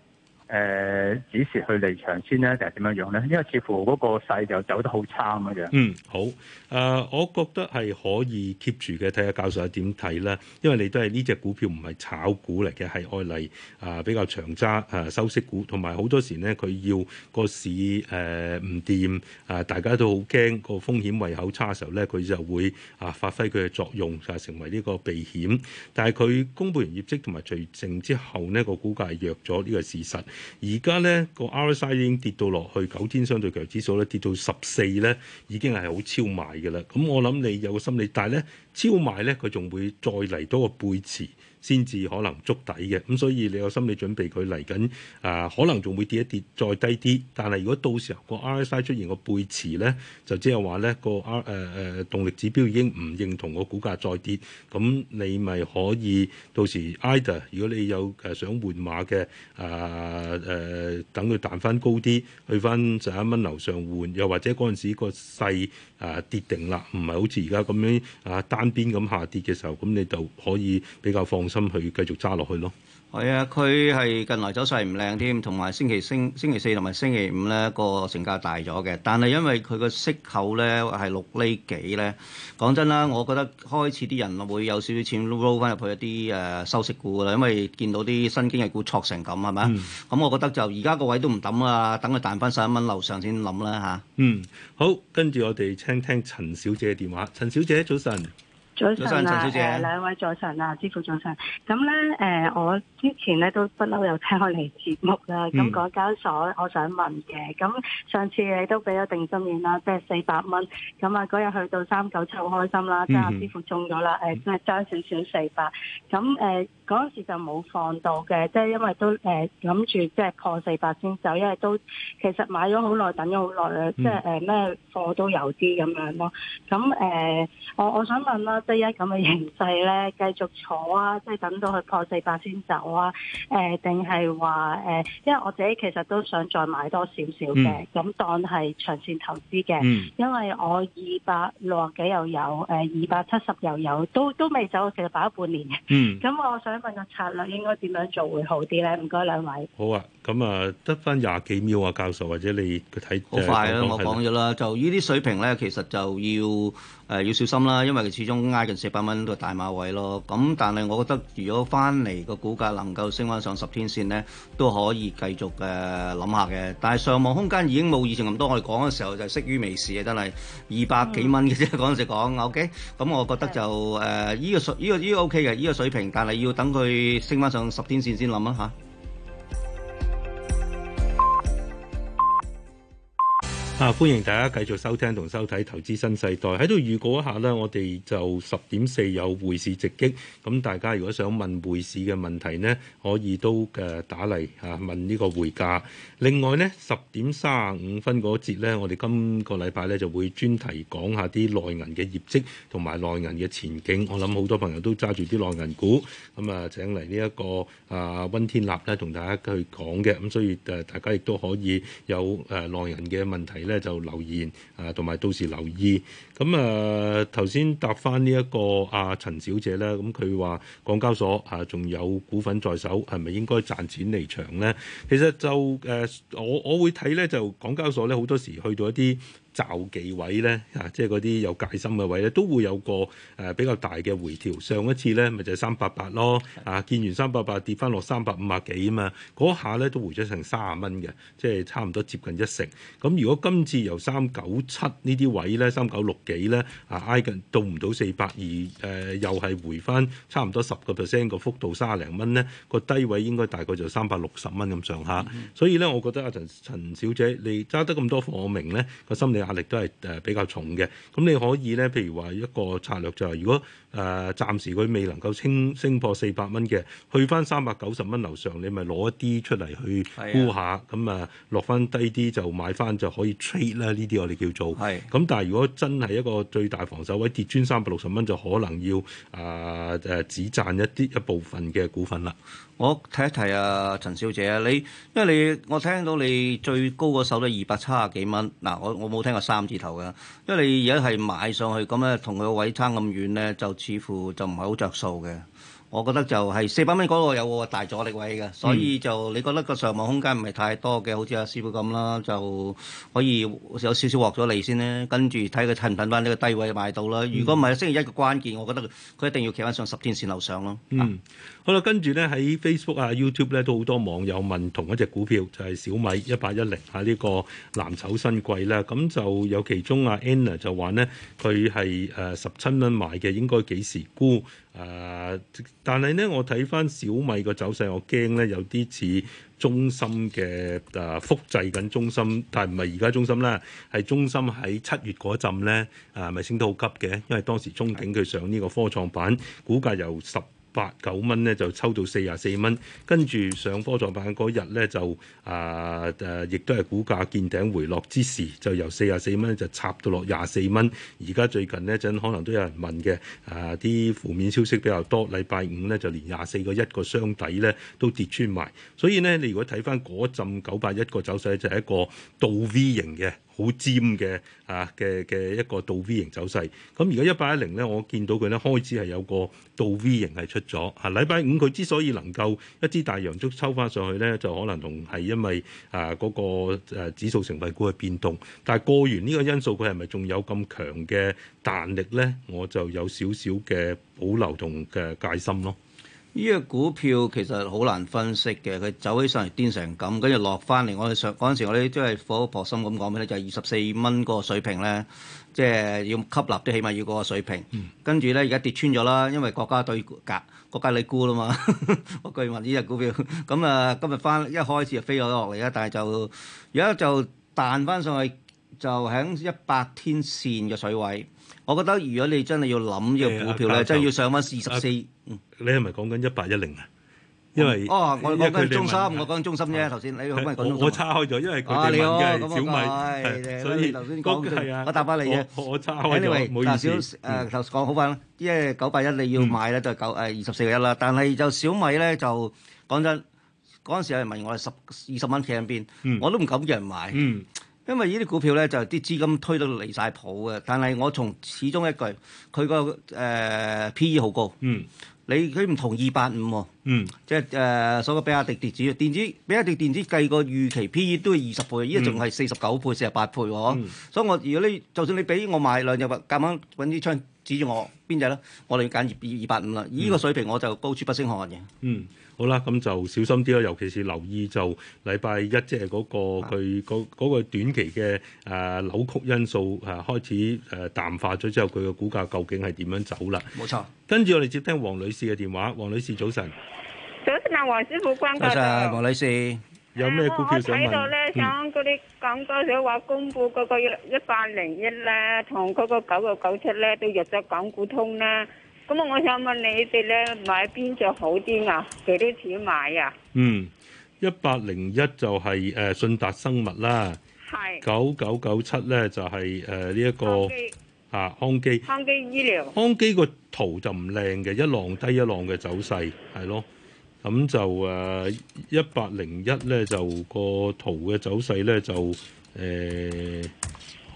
誒、呃，指示去離場先呢？定係點樣用咧？因為似乎嗰個勢就走得好差咁樣。嗯，好。誒、呃，我覺得係可以 keep 住嘅，睇下教授點睇啦。因為你都係呢隻股票唔係炒股嚟嘅，係愛嚟啊比較長揸啊、呃、收息股，同埋好多時呢，佢要個市誒唔掂啊，大家都好驚個風險胃口差嘅時候咧，佢就會啊發揮佢嘅作用就係，成為呢個避險。但係佢公布完業績同埋除淨之後咧，嗰個股價弱咗呢個事實。而家咧個 RSI 已經跌到落去九天相對強指數咧跌到十四咧，已經係好超賣嘅啦。咁我諗你有個心理，但係咧超賣咧佢仲會再嚟多個背馳。先至可能觸底嘅，咁、嗯、所以你有心理準備佢嚟緊啊，可能仲會跌一跌，再低啲。但係如果到時候，個 RSI 出現個背馳咧，就即係話咧個 R 誒、啊、誒、啊、動力指標已經唔認同，個股價再跌，咁你咪可以到時 either，如果你有誒想換馬嘅誒誒等佢彈翻高啲，去翻十一蚊樓上換，又或者陣時個勢細啊跌定啦，唔係好似而家咁樣啊單邊咁下跌嘅時候，咁你就可以比較放心去繼續揸落去咯。係啊，佢係近來走勢唔靚添，同埋星期星星期四同埋星期五咧個成交大咗嘅，但係因為佢個息口咧係六厘幾咧。講真啦，我覺得開始啲人會有少少錢撈翻入去一啲誒收息股啦，因為見到啲新經濟股挫成咁係咪啊？咁我覺得就而家個位都唔抌啦，等佢彈翻十一蚊樓上先諗啦吓。嗯，好，跟住我哋聽聽陳小姐嘅電話。陳小姐早晨。早晨啊，兩位早晨啊，師傅早晨。咁咧，誒、呃，我。之前咧都不嬲，有聽我嚟節目啦。咁港交所，我想問嘅。咁上次你都俾咗定心丸啦，即係四百蚊。咁啊，嗰日去到三九七，好開心啦，即係阿師傅中咗啦。誒、嗯嗯呃，即係爭少少四百。咁誒，嗰陣時就冇放到嘅，即係因為都誒諗住即係破四百先走，因為都其實買咗好耐，等咗好耐啦。嗯、即係誒咩貨都有啲咁樣咯。咁誒、呃，我我想問啦，即係一咁嘅形勢咧，繼續坐啊，即係等到佢破四百先走話誒，定係話誒，因為我自己其實都想再買多少少嘅，咁、嗯、當係長線投資嘅。嗯、因為我二百六十幾又有，誒二百七十又有，都都未走，其實擺咗半年嘅。咁、嗯、我想問個策略應該點樣做會好啲咧？唔該兩位。好啊，咁啊，得翻廿幾秒啊，教授或者你睇好快啦、啊，我講咗啦，就呢啲水平咧，其實就要。誒、呃、要小心啦，因為佢始終挨近四百蚊個大馬位咯。咁、嗯、但係我覺得，如果翻嚟個股價能夠升翻上十天線咧，都可以繼續誒諗、呃、下嘅。但係上網空間已經冇以前咁多，我哋講嘅時候就適於微視啊，真係二百幾蚊嘅啫，嗰陣、嗯、 (laughs) 時講 OK、嗯。咁我覺得就誒依、呃這個水依、這個依、這個 OK 嘅依個水平，但係要等佢升翻上十天線先諗啦嚇。啊！歡迎大家繼續收聽同收睇《投資新世代》，喺度預告一下呢，我哋就十點四有匯市直擊。咁大家如果想問匯市嘅問題呢，可以都誒打嚟嚇問呢個匯價。另外呢，十點三十五分嗰節咧，我哋今個禮拜呢就會專題講下啲內銀嘅業績同埋內銀嘅前景。我諗好多朋友都揸住啲內銀股，咁啊請嚟呢一個啊温天立呢同大家去講嘅。咁所以誒，大家亦都可以有誒內銀嘅問題，咧就留言啊，同埋到時留意。咁啊，頭、呃、先答翻呢一個啊、呃、陳小姐咧，咁佢話港交所啊，仲、呃、有股份在手，係咪應該賺錢離場咧？其實就誒、呃，我我會睇咧，就港交所咧，好多時去到一啲。找幾位咧？啊，即係嗰啲有戒心嘅位咧，都會有個誒、呃、比較大嘅回調。上一次咧，咪就係三百八咯。啊，見完三百八跌翻落三百五啊幾啊嘛，嗰下咧都回咗成三啊蚊嘅，即係差唔多接近一成。咁、啊、如果今次由三九七呢啲位咧，三九六幾咧，啊，挨近到唔到四百二誒，又係回翻差唔多十個 percent 個幅度三啊零蚊咧，個低位應該大概就三百六十蚊咁上下。嗯嗯、所以咧，我覺得阿陳陳小姐你揸得咁多貨我明咧，個心理。壓力都係誒比較重嘅，咁你可以咧，譬如話一個策略就係、是，如果誒、呃、暫時佢未能夠升升破四百蚊嘅，去翻三百九十蚊樓上，你咪攞一啲出嚟去估下沽，咁啊落翻低啲就買翻就可以 trade 啦。呢啲我哋叫做，咁是的 但係如果真係一個最大防守位跌穿三百六十蚊，就可能要誒誒止賺一啲一部分嘅股份啦。我睇一提啊一睇，陳小姐啊，你因為你我聽到你最高個手都二百七啊幾蚊，嗱我我冇聽。三字頭嘅，因為你而家係買上去咁咧，同佢個位差咁遠咧，就似乎就唔係好着數嘅。我覺得就係四百蚊嗰個有個大阻力位嘅，嗯、所以就你覺得個上網空間唔係太多嘅，好似阿師傅咁啦，就可以有少少獲咗利先咧，跟住睇佢襯唔襯翻呢個低位買到啦。嗯、如果唔係星期一嘅關鍵，我覺得佢一定要企翻上十天線樓上咯。嗯。好啦，跟住咧喺 Facebook 啊、YouTube 咧都好多網友問同一隻股票就係、是、小米一八一零啊呢個藍籌新貴咧，咁就有其中阿 Anna 就話咧佢係誒十七蚊買嘅，應該幾時沽？誒、啊，但係咧我睇翻小米個走勢，我驚咧有啲似中芯嘅誒、啊、複製緊中芯，但係唔係而家中芯啦，係中芯喺七月嗰陣咧誒咪升得好急嘅，因為當時中芯佢上呢個科創板，股價由十八九蚊咧就抽到四十四蚊，跟住上科創板嗰日咧就啊誒、呃，亦都係股價見頂回落之時，就由四十四蚊就插到落廿四蚊。而家最近呢陣可能都有人問嘅啊，啲、呃、負面消息比較多。禮拜五咧就連廿四個一個箱底咧都跌穿埋，所以咧你如果睇翻嗰陣九八一個走勢，就係一個倒 V 型嘅。好尖嘅啊嘅嘅一個倒 V 型走勢，咁而家一八一零咧，我見到佢咧開始係有個倒 V 型係出咗。啊，禮拜五佢之所以能夠一支大陽燭抽翻上去咧，就可能同係因為啊嗰個誒指數成分股嘅變動。但係過完呢個因素，佢係咪仲有咁強嘅彈力咧？我就有少少嘅保留同嘅戒心咯。呢隻股票其實好難分析嘅，佢走起上嚟癲成咁，跟住落翻嚟，我哋上嗰陣時我哋都係火破心咁講咩咧？就係二十四蚊嗰個水平咧，即係要吸納都起碼要嗰個水平。跟住咧，而家跌穿咗啦，因為國家對價、國家你估啦嘛，我據聞呢隻股票。咁啊，今日翻一開始就飛咗落嚟啦，但係就而家就彈翻上去，就喺一百天線嘅水位。我覺得如果你真係要諗呢個股票咧，真係要上翻二十四。你係咪講緊一八一零啊？因為哦，我講緊中心，我講緊中心啫。頭先你我我岔開咗，因為佢哋問嘅小米，所以我答翻你嘅。我岔開咗，唔好意思。誒，頭先講好，因為九八一你要買咧，就係九誒二十四個一啦。但係就小米咧，就講真嗰陣時有人問我哋十二十蚊企喺邊，我都唔敢叫人買。因為呢啲股票咧就啲資金推到離晒譜嘅，但係我從始終一句，佢個誒 P E 好高，嗯你，你佢唔同二百五嗯即，即係誒所謂比亞迪電子，電子，比亞迪電子計個預期 P E 都係二十倍，依家仲係四十九倍、四十八倍、哦嗯、所以我如果你就算你俾我買兩隻或夾硬揾支槍指住我邊隻咧，我哋要揀二二百五啦，呢、嗯、個水平我就高處不勝寒嘅，嗯。好啦，咁就小心啲咯，尤其是留意就禮拜一即係嗰個佢嗰嗰個短期嘅誒扭曲因素誒開始誒淡化咗之後，佢嘅股價究竟係點樣走啦？冇錯。跟住我哋接聽黃女士嘅電話，黃女士早晨。早晨啊，黃師傅掛掛。早晨，黃女士，有咩股票想問？我喺度咧，想嗰啲講多少話公布嗰個一百零一咧，同嗰個九六九七咧，都入咗港股通啦。咁啊！我想問你哋咧，買邊隻好啲啊？幾多錢買啊？嗯，一百零一就係、是、誒、呃、信達生物啦，係九九九七咧就係誒呢一個康基、啊、康基康基醫療。康基個圖就唔靚嘅，一浪低一浪嘅走勢係咯。咁就誒一百零一咧就個圖嘅走勢咧就誒。呃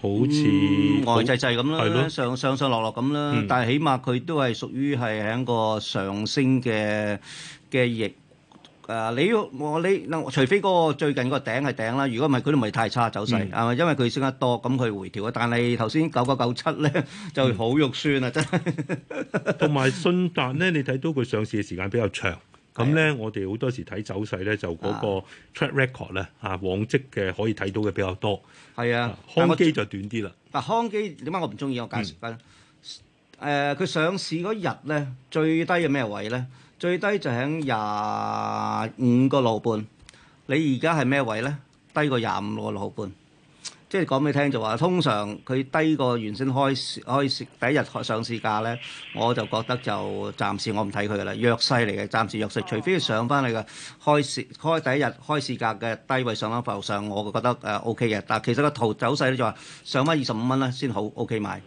好似呆滯滯咁啦，上上上落落咁啦，嗯、但係起碼佢都係屬於係喺個上升嘅嘅型。誒、啊，你我你，除非嗰個最近個頂係頂啦，如果唔係，佢都唔係太差走勢，係咪、嗯？因為佢升得多，咁佢回調。但係頭先九九九七咧，就好肉酸啊！真係。同埋信達咧，嗯、達呢 (laughs) 你睇到佢上市嘅時間比較長。咁咧，呢啊、我哋好多時睇走勢咧，就嗰個 track record 咧，嚇、啊啊、往績嘅可以睇到嘅比較多。係啊，康基就短啲啦。但康基點解我唔中意？我解釋翻。誒、嗯，佢、呃、上市嗰日咧，最低嘅咩位咧？最低就喺廿五個六半。你而家係咩位咧？低過廿五個六半。即係講俾你聽，就話通常佢低過原先開市，開市，開市第一日上市價咧，我就覺得就暫時我唔睇佢噶啦，弱勢嚟嘅，暫時弱勢。除非佢上翻嚟嘅開市開第一日開市價嘅低位上翻浮上，我就覺得誒 O K 嘅。但其實個圖走勢咧就話上翻二十五蚊啦先好 OK 買，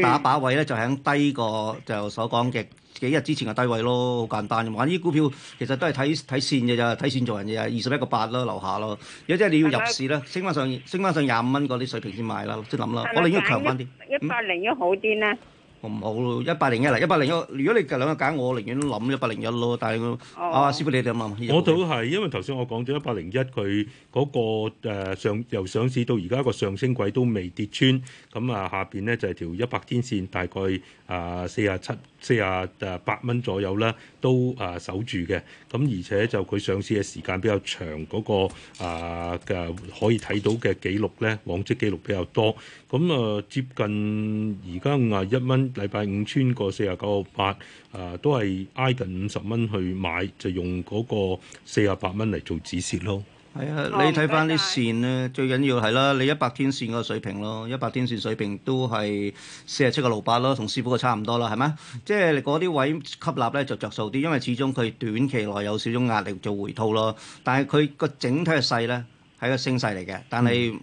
打把位咧就喺低個就所講嘅。幾日之前嘅低位咯，好簡單嘛，呢啲股票其實都係睇睇線嘅咋，睇線做人嘅。二十一個八咯，樓下咯。如果即係你要入市咧，升翻上升翻上廿五蚊嗰啲水平先買啦，先諗啦。可能要強翻啲。一百零一好啲咧？我唔好咯，一百零一啦，一百零一。如果你兩個揀，我寧願諗一百零一咯。但係阿師傅，你點諗啊？我倒係因為頭先我講咗一百零一，佢嗰個誒上由上市到而家個上升軌都未跌穿，咁啊下邊咧就係條一百天線，大概啊四十七。四啊誒八蚊左右咧，都誒、啊、守住嘅。咁、啊、而且就佢上市嘅時間比較長嗰、嗰個啊嘅可以睇到嘅記錄咧，往績記錄比較多。咁啊接近而家五啊一蚊，禮拜五穿過四啊九個八，啊都係挨近五十蚊去買，就用嗰個四啊八蚊嚟做止蝕咯。係啊，你睇翻啲線咧，最緊要係啦，你一百天線個水平咯，一百天線水平都係四十七個六八咯，同師傅個差唔多啦，係咪？即係嗰啲位吸納咧就着數啲，因為始終佢短期內有少少壓力做回吐咯。但係佢個整體嘅勢咧係一個升勢嚟嘅，但係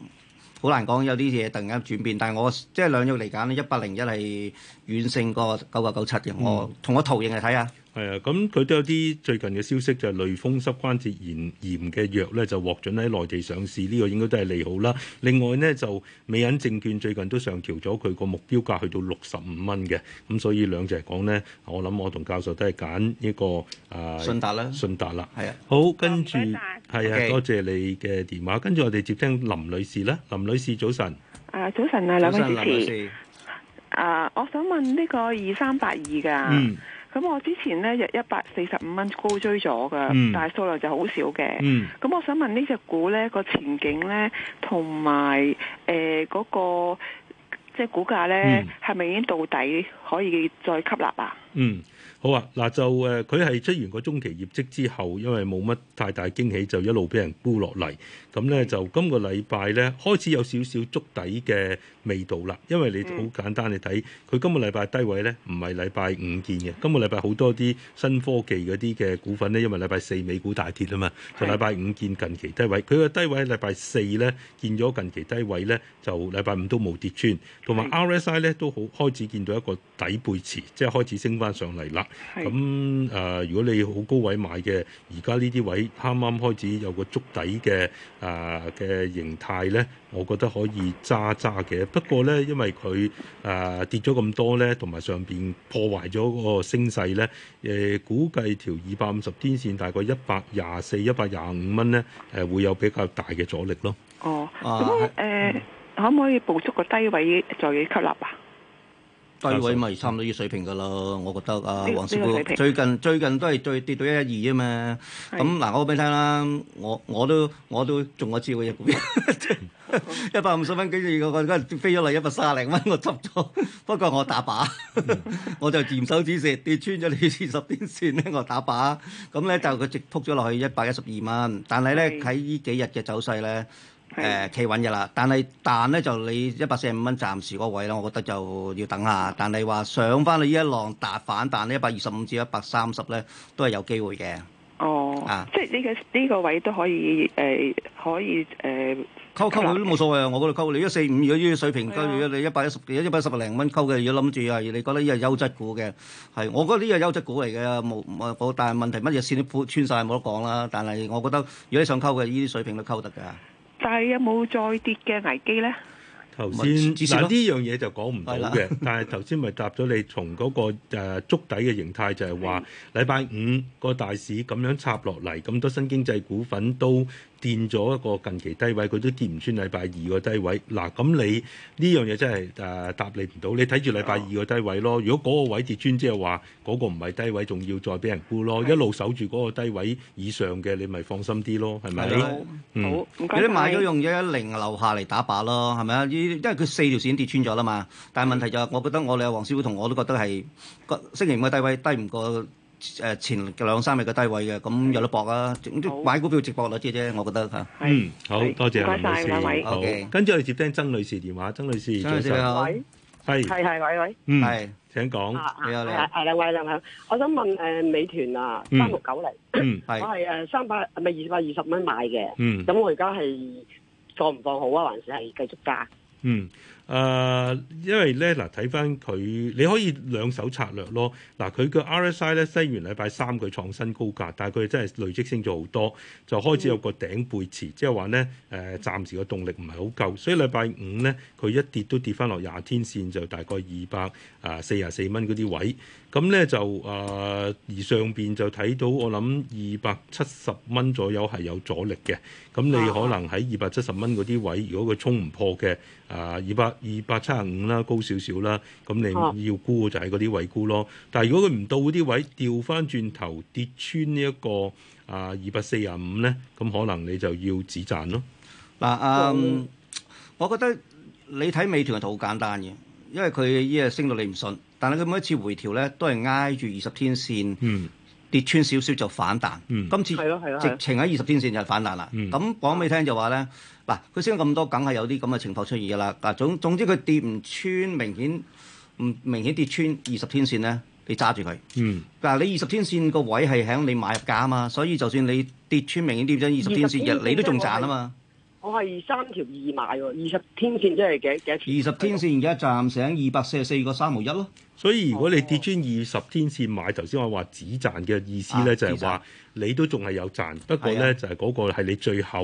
好難講有啲嘢突然間轉變。但係我即係、就是、兩樣嚟講咧，一百零一係遠勝過九九九七嘅。我同個圖形嚟睇下。係啊，咁佢都有啲最近嘅消息，就係類風濕關節炎炎嘅藥咧就獲准喺內地上市，呢個應該都係利好啦。另外呢，就美銀證券最近都上調咗佢個目標價去到六十五蚊嘅，咁所以兩隻嚟講呢，我諗我同教授都係揀呢個啊順達啦，順達啦，係啊。好，跟住係啊，多謝你嘅電話。跟住我哋接聽林女士啦，林女士早晨。啊，早晨啊，兩位主持。啊，我想問呢個二三八二噶。嗯。咁我之前呢，入一百四十五蚊高追咗噶，嗯、但係數量就好少嘅。咁、嗯、我想問呢隻股呢個前景呢，同埋誒嗰個即係股價呢，係咪、嗯、已經到底可以再吸納啊？嗯好啊，嗱就誒，佢係出完個中期業績之後，因為冇乜太大驚喜，就一路俾人沽落嚟。咁咧就今個禮拜咧開始有少少築底嘅味道啦。因為你好簡單你睇，佢今個禮拜低位咧唔係禮拜五見嘅。今個禮拜好多啲新科技嗰啲嘅股份咧，因為禮拜四美股大跌啊嘛，就禮拜五見近期低位。佢個低位喺禮拜四咧見咗近期低位咧，就禮拜五都冇跌穿，同埋 RSI 咧都好開始見到一個底背馳，即係開始升翻上嚟啦。咁誒是、呃，如果你好高位買嘅，而家呢啲位啱啱開始有個築底嘅誒嘅形態咧，我覺得可以揸揸嘅。不過咧，因為佢誒、呃、跌咗咁多咧，同埋上邊破壞咗個升勢咧，誒、呃、估計條二百五十天線大概一百廿四、一百廿五蚊咧，誒、呃、會有比較大嘅阻力咯。哦，咁誒可唔可以捕捉個低位再嘅吸納啊？低位咪差唔多呢水平㗎喇，我覺得啊黃師傅最近最近都係最跌到一一二啊嘛。咁嗱是、嗯，我俾你聽啦，我我都我都中咗招嘅股票，一百五十蚊跟住我我嗰陣跌飛咗落一百三啊零蚊，我執咗。不過我打靶，我就掂手指線跌穿咗你二十天線咧，我打靶，咁咧就佢直撲咗落去一百一十二蚊。但係咧喺呢是幾日嘅走勢咧。誒、呃、企穩嘅啦，但係但咧就你一百四十五蚊暫時個位咧，我覺得就要等下。但係話上翻去呢一浪大反彈咧，一百二十五至一百三十咧都係有機會嘅。哦，啊，即係呢、這個呢、這個位都可以誒、呃，可以誒，溝溝佢都冇所謂。我嗰度溝你一四五如果呢啲水平，如果你一百一十、一百十零蚊溝嘅，如果諗住啊，你覺得呢係優質股嘅，係我覺得呢係優質股嚟嘅，冇冇但係問題乜嘢線都穿晒，冇得講啦。但係我覺得如果你想溝嘅，呢啲水平都溝得㗎。但係有冇再跌嘅危機咧？頭先嗱，呢樣嘢就講唔到嘅。是的 (laughs) 但係頭先咪答咗你，從嗰、那個誒、啊、築底嘅形態，就係話禮拜五個大市咁樣插落嚟，咁多新經濟股份都。墊咗一個近期低位，佢都跌唔穿禮拜二個低位。嗱、啊，咁你呢樣嘢真係誒、啊、答你唔到。你睇住禮拜二個低位咯。如果嗰個位跌穿，即係話嗰個唔係低位，仲要再俾人沽咯。的一路守住嗰個低位以上嘅，你咪放心啲咯，係咪咧？的嗯、好，你都買咗用一一零樓下嚟打靶咯，係咪啊？因為佢四條線跌穿咗啦嘛。但係問題就係，我覺得我哋阿黃師傅同我都覺得係個星期五嘅低位低唔過。誒前兩三日嘅低位嘅，咁有得搏啊！買股票直搏都知啫，我覺得嚇。嗯，好多謝，唔該曬，阿偉。好。跟住我哋接聽曾女士電話，曾女士，早晨，喂，係係係，喂喂，嗯，請講。你好你好，係梁偉亮啊，我想問誒美團啊，三六九零，我係誒三百唔係二百二十蚊買嘅，咁我而家係放唔放好啊，還是係繼續加？嗯。誒，uh, 因為咧嗱，睇翻佢你可以兩手策略咯。嗱，佢個 RSI 咧，西元禮拜三佢創新高價，但係佢真係累積升咗好多，就開始有個頂背馳，即係話咧誒，暫時個動力唔係好夠，所以禮拜五咧，佢一跌都跌翻落廿天線，就大概二百啊四廿四蚊嗰啲位。咁咧就誒、呃，而上邊就睇到我諗二百七十蚊左右係有阻力嘅。咁你可能喺二百七十蚊嗰啲位，如果佢衝唔破嘅啊，二、呃、百。二百七十五啦，5, 高少少啦，咁、啊、你要沽就喺嗰啲位沽咯。但係如果佢唔到嗰啲位，掉翻轉頭跌穿、這個啊、5, 呢一個啊二百四十五咧，咁可能你就要止賺咯。嗱，嗯，我覺得你睇美團嘅圖好簡單嘅，因為佢一日升到你唔信，但係佢每一次回調咧都係挨住二十天線，嗯，跌穿少少就反彈。嗯、今次係咯係咯，直情喺二十天線就反彈啦。嗯，咁講俾你聽就話咧。嗱，佢升咗咁多，梗係有啲咁嘅情況出現噶啦。總總之，佢跌唔穿，明顯唔明顯跌穿二十天線咧，你揸住佢。嗱、嗯，但你二十天線個位係喺你買入價啊嘛，所以就算你跌穿明顯跌咗二十天線，你，你都仲賺啊嘛。我係三條二買喎，二十天線即係幾幾多錢？二十天線而家賺成二百四十四個三毫一咯。所以如果你跌穿二十天線買，頭先我話止賺嘅意思咧，就係話你都仲係有賺，不過咧就係嗰個係你最後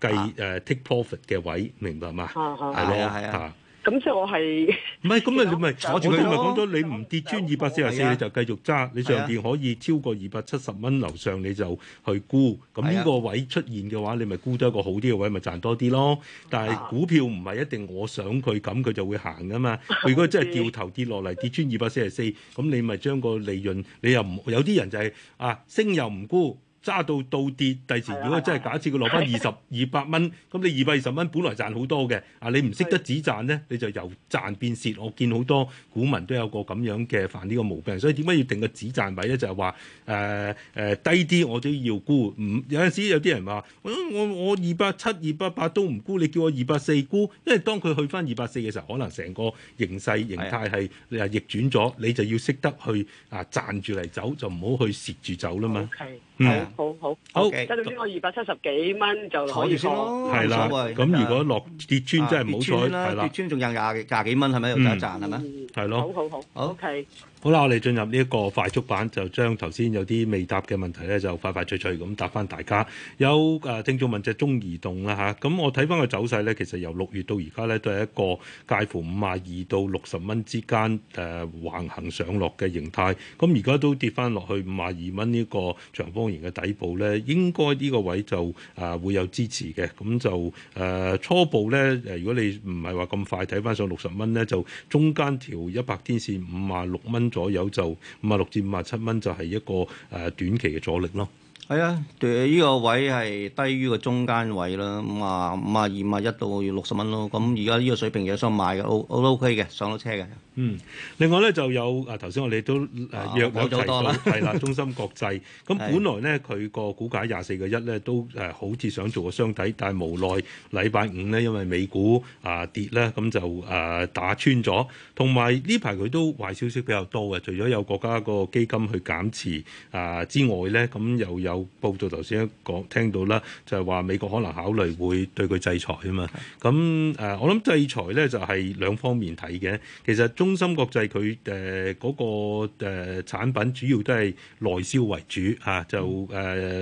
計誒、啊 uh, take profit 嘅位，明白嘛？係啊係啊。咁即係我係唔係？咁咪咪坐住佢咪，講咗你唔跌穿二百四十四，你就繼續揸。是你上邊可以超過二百七十蚊，樓上你就去沽。咁呢是、啊、個位出現嘅話，你咪沽咗一個好啲嘅位，咪賺多啲咯。但係股票唔係一定我想佢咁，佢就會行噶嘛。佢如果真係掉頭跌落嚟，跌穿二百四十四，咁你咪將個利潤你又唔，有啲人就係、是、啊升又唔沽。揸到倒跌，第時如果真係假設佢落翻二十二百蚊，咁 (laughs) 你二百二十蚊本來賺好多嘅啊！你唔識得止賺咧，你就由賺變蝕。我見好多股民都有個咁樣嘅犯呢個毛病，所以點解要定個止賺位咧？就係話誒誒低啲我都要沽。唔、嗯、有陣時有啲人話、嗯，我我二百七、二百八都唔沽，你叫我二百四沽，因為當佢去翻二百四嘅時候，可能成個形勢形態係逆轉咗，的你就要識得去啊賺住嚟走，就唔好去蝕住走啦嘛。Okay. 好好好，好，得咗先我二百七十幾蚊就可以先咯，係啦。咁如果落跌穿真係冇彩，跌穿仲有廿廿幾蚊，係咪又得賺？係咪？係咯，好好好，OK。好啦，我哋進入呢一個快速版，就將頭先有啲未答嘅問題咧，就快快脆脆咁答翻大家。有誒、呃、聽眾問隻中移動啦嚇，咁、啊、我睇翻個走勢咧，其實由六月到而家咧都係一個介乎五十二到六十蚊之間誒橫行上落嘅形態。咁而家都跌翻落去五十二蚊呢個長方形嘅底部咧，應該呢個位就誒、呃、會有支持嘅。咁就誒、呃、初步咧誒、呃，如果你唔係話咁快睇翻上六十蚊咧，就中間條一百天線五十六蚊。咗右就五啊六至五啊七蚊就係一個誒短期嘅阻力咯。係啊，呢、這個位係低於個中間位啦。五啊，五啊二、五啊一到要六十蚊咯。咁而家呢個水平有想買嘅，都都 OK 嘅，上到車嘅。嗯，另外咧就有啊，頭先我哋都誒、啊、約約提到係啦，中芯國際咁 (laughs) 本來咧佢個股價廿四個一咧都誒好似想做個箱底，但係無奈禮拜五咧因為美股啊、呃、跌啦，咁就誒打穿咗，同埋呢排佢都壞消息比較多嘅，除咗有國家個基金去減持啊之外咧，咁又有報道頭先講聽到啦，就係、是、話美國可能考慮會對佢制裁啊嘛，咁誒、呃、我諗制裁咧就係兩方面睇嘅，其實。中。中芯國際佢誒個誒、呃、產品主要都係內銷為主嚇、啊，就誒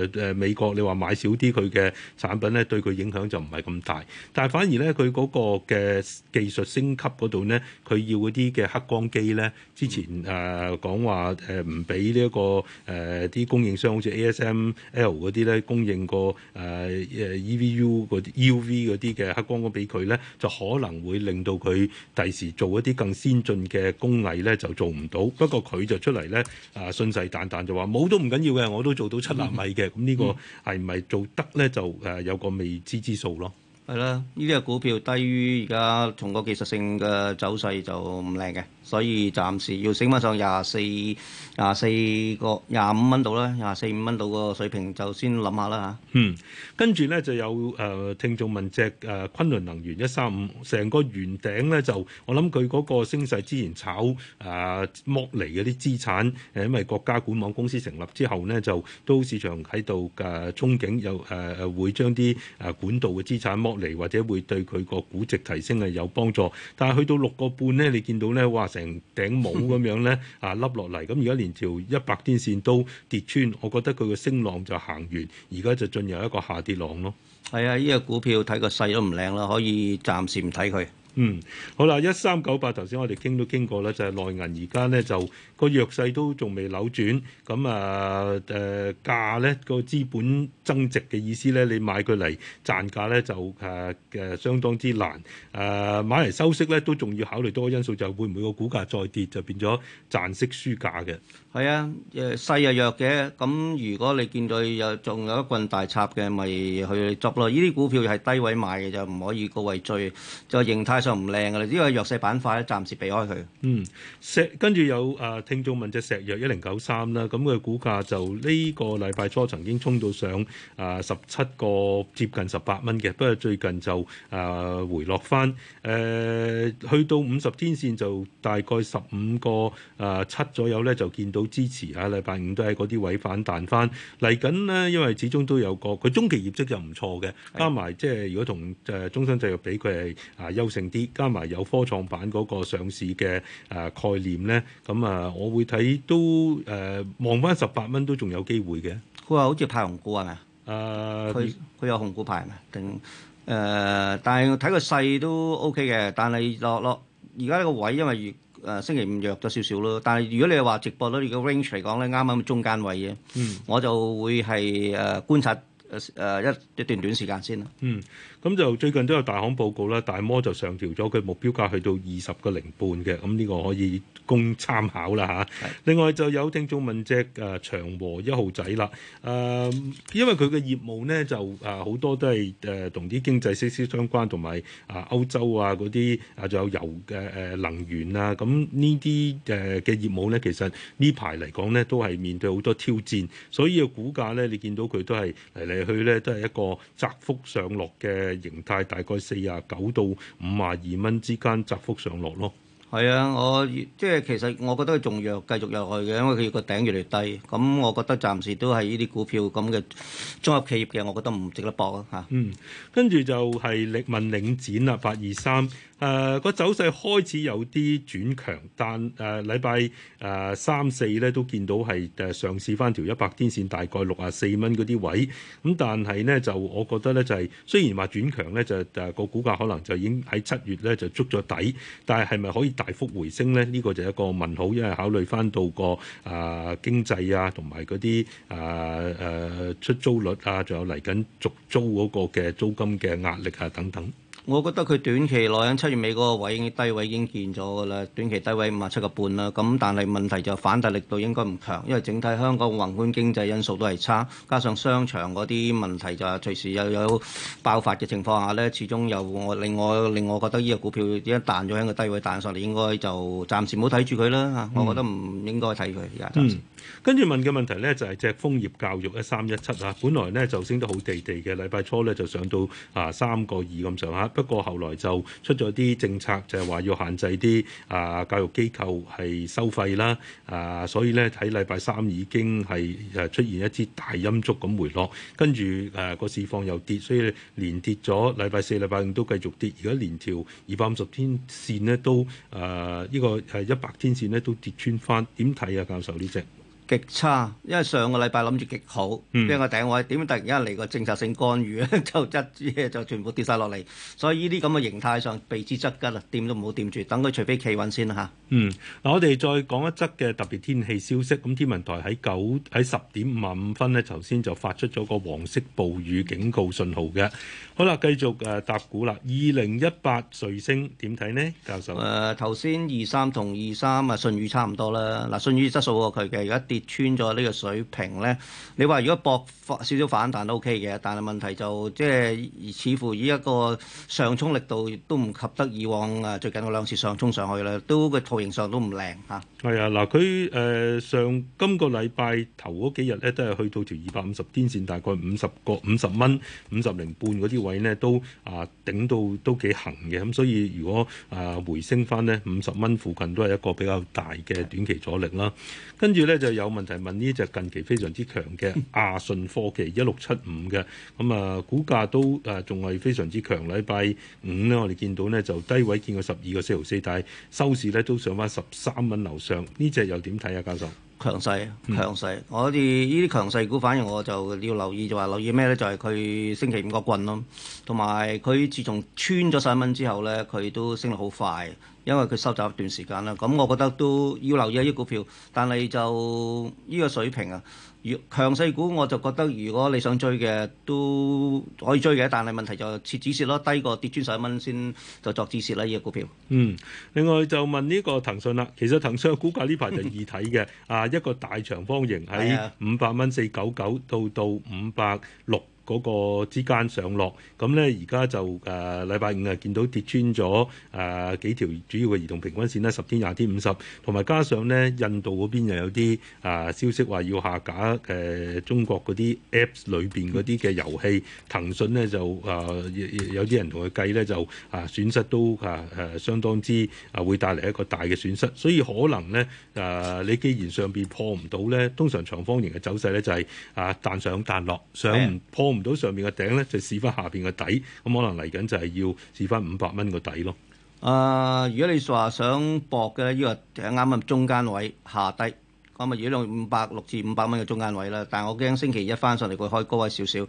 誒、呃、美國你話買少啲佢嘅產品咧，對佢影響就唔係咁大。但係反而咧，佢個嘅技術升級度咧，佢要啲嘅黑光機咧，之前誒講話誒唔俾呢一個誒啲、呃、供應商好似 ASML 啲咧供應個誒誒、呃、EUV 嗰啲 UV 啲嘅黑光光俾佢咧，就可能會令到佢第時做一啲更先進。嘅工藝咧就做唔到，不過佢就出嚟咧啊，信誓旦旦就話冇都唔緊要嘅，我都做到七納米嘅，咁呢個係咪做得咧就誒有個未知之數咯。係啦，呢啲嘅股票低於而家從個技術性嘅走勢就唔靚嘅。所以暫時要升翻上廿四、廿四個、廿五蚊度啦，廿四五蚊度個水平就先諗下啦嚇。嗯，跟住咧就有誒、呃、聽眾問隻誒昆侖能源 5,、呃、一三五，成個圓頂咧就我諗佢嗰個升勢，之前炒誒剝離嗰啲資產。誒，因為國家管網公司成立之後呢，就都市場喺度誒憧憬又誒、呃、會將啲誒管道嘅資產剝離，或者會對佢個估值提升係有幫助。但係去到六個半咧，你見到咧話頂頂 (laughs) 帽咁樣咧啊，笠落嚟咁，而家連條一百天線都跌穿，我覺得佢個升浪就行完，而家就進入一個下跌浪咯。係啊， (laughs) 呢、呢個股票睇個勢都唔靚啦，可以暫時唔睇佢。嗯，好啦，一三九八，頭先我哋傾都傾過啦，就係、係、內銀而家咧就個弱勢都仲未扭轉，咁啊誒、啊、價咧個資本增值嘅意思咧，你買佢嚟賺價咧就誒誒、啊啊、相當之難，誒、啊、買嚟收息咧都仲要考慮多個因素，就係、會唔會個股價再跌就變咗賺息輸價嘅。係啊，細又弱嘅，咁如果你見到有仲有一棍大插嘅，咪去捉咯。呢啲股票係低位買嘅，就唔可以高位追。就形態上唔靚嘅啦，呢個弱勢板塊咧，暫時避開佢。嗯，石跟住有啊，聽眾問隻石藥一零九三啦，咁佢股價就呢個禮拜初曾經衝到上啊十七個接近十八蚊嘅，不過最近就啊回落翻。誒，去到五十天線就大概十五個啊七左右咧，就見到。好支持啊！禮拜五都喺嗰啲位反彈翻嚟緊咧，因為始終都有個佢中期業績就唔錯嘅，加埋即係如果同誒中生製藥比佢係啊優勝啲，加埋有科創板嗰個上市嘅誒、呃、概念咧，咁、呃、啊，我會睇都誒望翻十八蚊都仲有機會嘅。佢話好似派紅股係咪啊？誒，佢佢、呃、有紅股派啊？定誒、呃？但係睇個勢都 OK 嘅，但係落落而家呢個位因為越。誒、呃、星期五弱咗少少咯，但係如果你話直播到你個 range 嚟講咧，啱啱中間位嘅，嗯、我就會係誒、呃、觀察誒、呃、一一段短時間先啦。嗯。咁就最近都有大行報告啦，大摩就上調咗佢目標價去到二十個零半嘅，咁、這、呢個可以供參考啦嚇。的另外就有聽眾問隻誒長和一號仔啦，誒、嗯、因為佢嘅業務咧就誒好多都係誒同啲經濟息息相關，同埋啊歐洲啊嗰啲啊仲有油嘅誒能源啊，咁呢啲誒嘅業務咧其實呢排嚟講咧都係面對好多挑戰，所以個股價咧你見到佢都係嚟嚟去咧都係一個窄幅上落嘅。嘅形態大概四十九到五十二蚊之間窄幅上落咯。係啊，我即係其實我覺得佢仲弱，繼續入去嘅，因為佢個頂越嚟越低。咁我覺得暫時都係呢啲股票咁嘅綜合企業嘅，我覺得唔值得搏啊嚇。嗯，跟住就係力問領展啊，八二三。誒個、呃、走勢開始有啲轉強，但誒禮拜誒三四咧都見到係誒上試翻條一百天線大概六十四蚊嗰啲位，咁但係咧就我覺得咧就係、是、雖然話轉強咧就誒個、呃、股價可能就已經喺七月咧就捉咗底，但係係咪可以大幅回升咧？呢、這個就一個問號，因為考慮翻到個誒、呃、經濟啊，同埋嗰啲誒誒出租率啊，仲有嚟緊續租嗰個嘅租金嘅壓力啊等等。我覺得佢短期內喺七月尾嗰個位，低位已經見咗㗎啦。短期低位五十七個半啦。咁但係問題就反彈力度應該唔強，因為整體香港宏觀經濟因素都係差，加上商場嗰啲問題就隨時又有爆發嘅情況下咧，始終又我另外另外覺得呢個股票一旦彈咗喺個低位彈上嚟，應該就暫時唔好睇住佢啦。嚇，嗯、我覺得唔應該睇佢而家暫時。嗯嗯跟住問嘅問題咧，就係隻楓葉教育一三一七啊。本來咧就升得好地地嘅，禮拜初咧就上到啊三個二咁上下。不過後來就出咗啲政策，就係、是、話要限制啲啊教育機構係收費啦。啊，所以咧喺禮拜三已經係誒出現一支大陰燭咁回落，跟住誒個市況又跌，所以連跌咗禮拜四、禮拜五都繼續跌。而家連條二百五十天線咧都誒呢、呃這個係一百天線咧都跌穿翻，點睇啊，教授呢隻？這個極差，因為上個禮拜諗住極好，因邊個頂位？點突然間嚟個政策性干預咧？就一嘢就全部跌晒落嚟。所以呢啲咁嘅形態上，避之則吉啦，掂都唔好掂住，等佢除非企穩先啦嚇。嗯，嗱，我哋再講一則嘅特別天氣消息。咁天文台喺九喺十點五十五分呢，頭先就發出咗個黃色暴雨警告信號嘅。好啦，繼續誒答股啦。二零一八瑞星點睇呢？教授誒頭先二三同二三啊，順宇差唔多啦。嗱，順宇質素喎佢嘅而家穿咗呢個水平咧，你話如果搏發少少反彈都 O K 嘅，但係問題就即係似乎依一個上衝力度都唔及得以往啊，最近嗰兩次上衝上去啦，都個圖形上都唔靚吓係啊，嗱佢誒上今個禮拜頭嗰幾日咧，都係去到條二百五十天線大概五十個五十蚊，五十零半嗰啲位咧，都啊頂到都幾恆嘅。咁所以如果啊回升翻咧，五十蚊附近都係一個比較大嘅短期阻力啦。的跟住咧就有。冇問題，問呢隻近期非常之強嘅亞信科技一六七五嘅，咁啊股價都誒仲係非常之強。禮拜五呢，我哋見到呢就低位見過十二個四毫四，但收市呢都上翻十三蚊樓上。呢隻又點睇啊，教授？強勢，強勢。我哋呢啲強勢股，反而我就要留意就話留意咩呢？就係、是、佢星期五個棍咯，啊，同埋佢自從穿咗三蚊之後呢，佢都升得好快。因為佢收集一段時間啦，咁我覺得都要留意下呢股票，但係就呢個水平啊，強勢股我就覺得如果你想追嘅都可以追嘅，但係問題就切止蝕咯，低過跌穿十一蚊先就作止蝕啦。呢個股票，嗯，另外就問呢個騰訊啦，其實騰訊嘅股價呢排就易睇嘅啊， (laughs) 一個大長方形喺五百蚊四九九到到五百六。嗰個之間上落，咁咧而家就誒禮拜五啊見到跌穿咗誒、呃、幾條主要嘅移動平均線咧，十天、廿天、五十，同埋加上咧印度嗰邊又有啲誒、呃、消息話要下架誒、呃、中國嗰啲 Apps 裏邊嗰啲嘅遊戲騰訊咧就誒、呃、有啲人同佢計咧就啊損、呃、失都啊誒、呃、相當之啊會帶嚟一個大嘅損失，所以可能咧誒、呃、你既然上邊破唔到咧，通常長方形嘅走勢咧就係啊彈上彈落，上唔破唔。唔到、啊、上面嘅頂咧，就試翻下邊嘅底，咁可能嚟緊就係要試翻五百蚊個底咯。啊，如果你話想搏嘅，呢個啱啱中間位下低，咁啊，如果落五百六至五百蚊嘅中間位啦，但我驚星期一翻上嚟會開高一少少。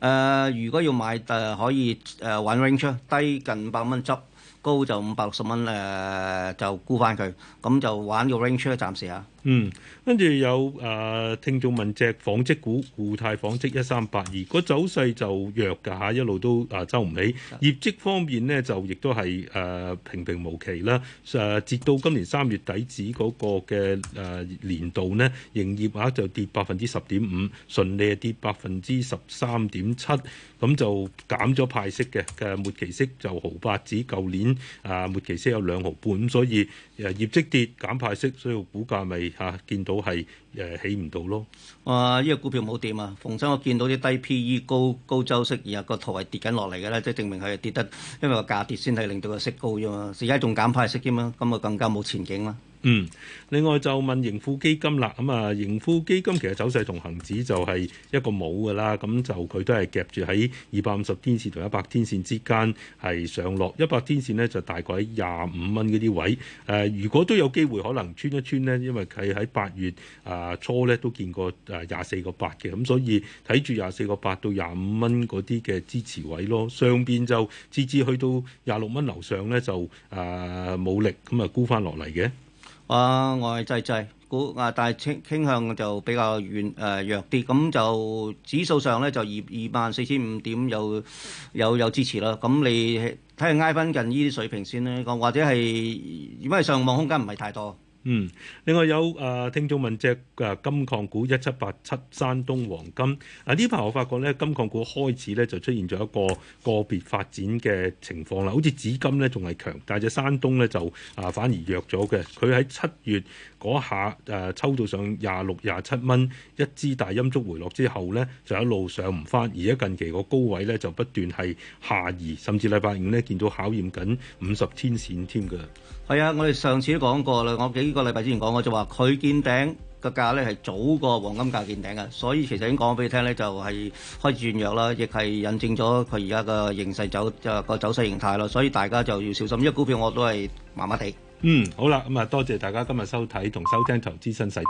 誒，如果要買誒、啊，可以誒、啊、玩 range，低近五百蚊執，高就五百六十蚊誒就沽翻佢，咁就玩個 range 咯，暫時下。嗯，跟住有誒、啊、聽眾問隻紡織股，固泰紡織一三八二，個走勢就弱㗎嚇，一路都啊走唔起。業績方面呢就亦都係誒、啊、平平無奇啦。誒、啊、截到今年三月底止嗰個嘅誒、啊、年度呢，營業額就跌百分之十點五，純利跌百分之十三點七，咁就減咗派息嘅嘅、啊、末期息就毫八子，舊年誒、啊、末期息有兩毫半，所以。誒業績跌減派息，所以股價咪、就、嚇、是啊、見到係誒、啊、起唔到咯。哇、啊！呢、這個股票冇點啊。逢親我見到啲低 PE 高高周息，然後個圖係跌緊落嚟嘅啦，即係證明佢係跌得，因為個價跌先係令到個息高啫、啊、嘛。而家仲減派息添、啊、嘛，咁啊更加冇前景啦、啊。嗯，另外就問盈富基金啦。咁、嗯、啊，盈富基金其實走勢同恆指就係一個冇㗎啦。咁、嗯、就佢都係夾住喺二百五十天線同一百天線之間係上落一百天線呢就大概喺廿五蚊嗰啲位。誒、啊，如果都有機會可能穿一穿呢，因為佢喺八月啊初呢都見過誒廿四個八嘅咁，所以睇住廿四個八到廿五蚊嗰啲嘅支持位咯。上邊就次次去到廿六蚊樓上呢，就誒冇力咁啊，沽翻落嚟嘅。話外滯滯股，但係傾向就比較軟，誒、呃、弱啲，咁就指數上咧，就二二萬四千五點有有有支持啦。咁你睇下捱返近呢啲水平先啦，或者係因為上望空間唔係太多。嗯，另外有啊，聽眾問隻啊金礦股一七八七，山東黃金啊呢排我發覺咧金礦股開始咧就出現咗一個個別發展嘅情況啦，好似紫金咧仲係強，但係隻山東咧就啊反而弱咗嘅。佢喺七月，嗰下誒、呃、抽到上廿六廿七蚊一支大陰燭回落之後咧，就一路上唔翻，而家近期個高位咧就不斷係下移，甚至禮拜五咧見到考驗緊五十天線添㗎。係啊，我哋上次都講過啦，我幾個禮拜之前講，我就話佢見頂個價咧係早過黃金價見頂嘅，所以其實已經講咗俾你聽咧，就係開始轉弱啦，亦係引證咗佢而家嘅形勢走就係個走勢形態咯，所以大家就要小心，因為股票我都係麻麻地。嗯，好啦，咁啊，多謝大家今日收睇同收聽《投資新世代》。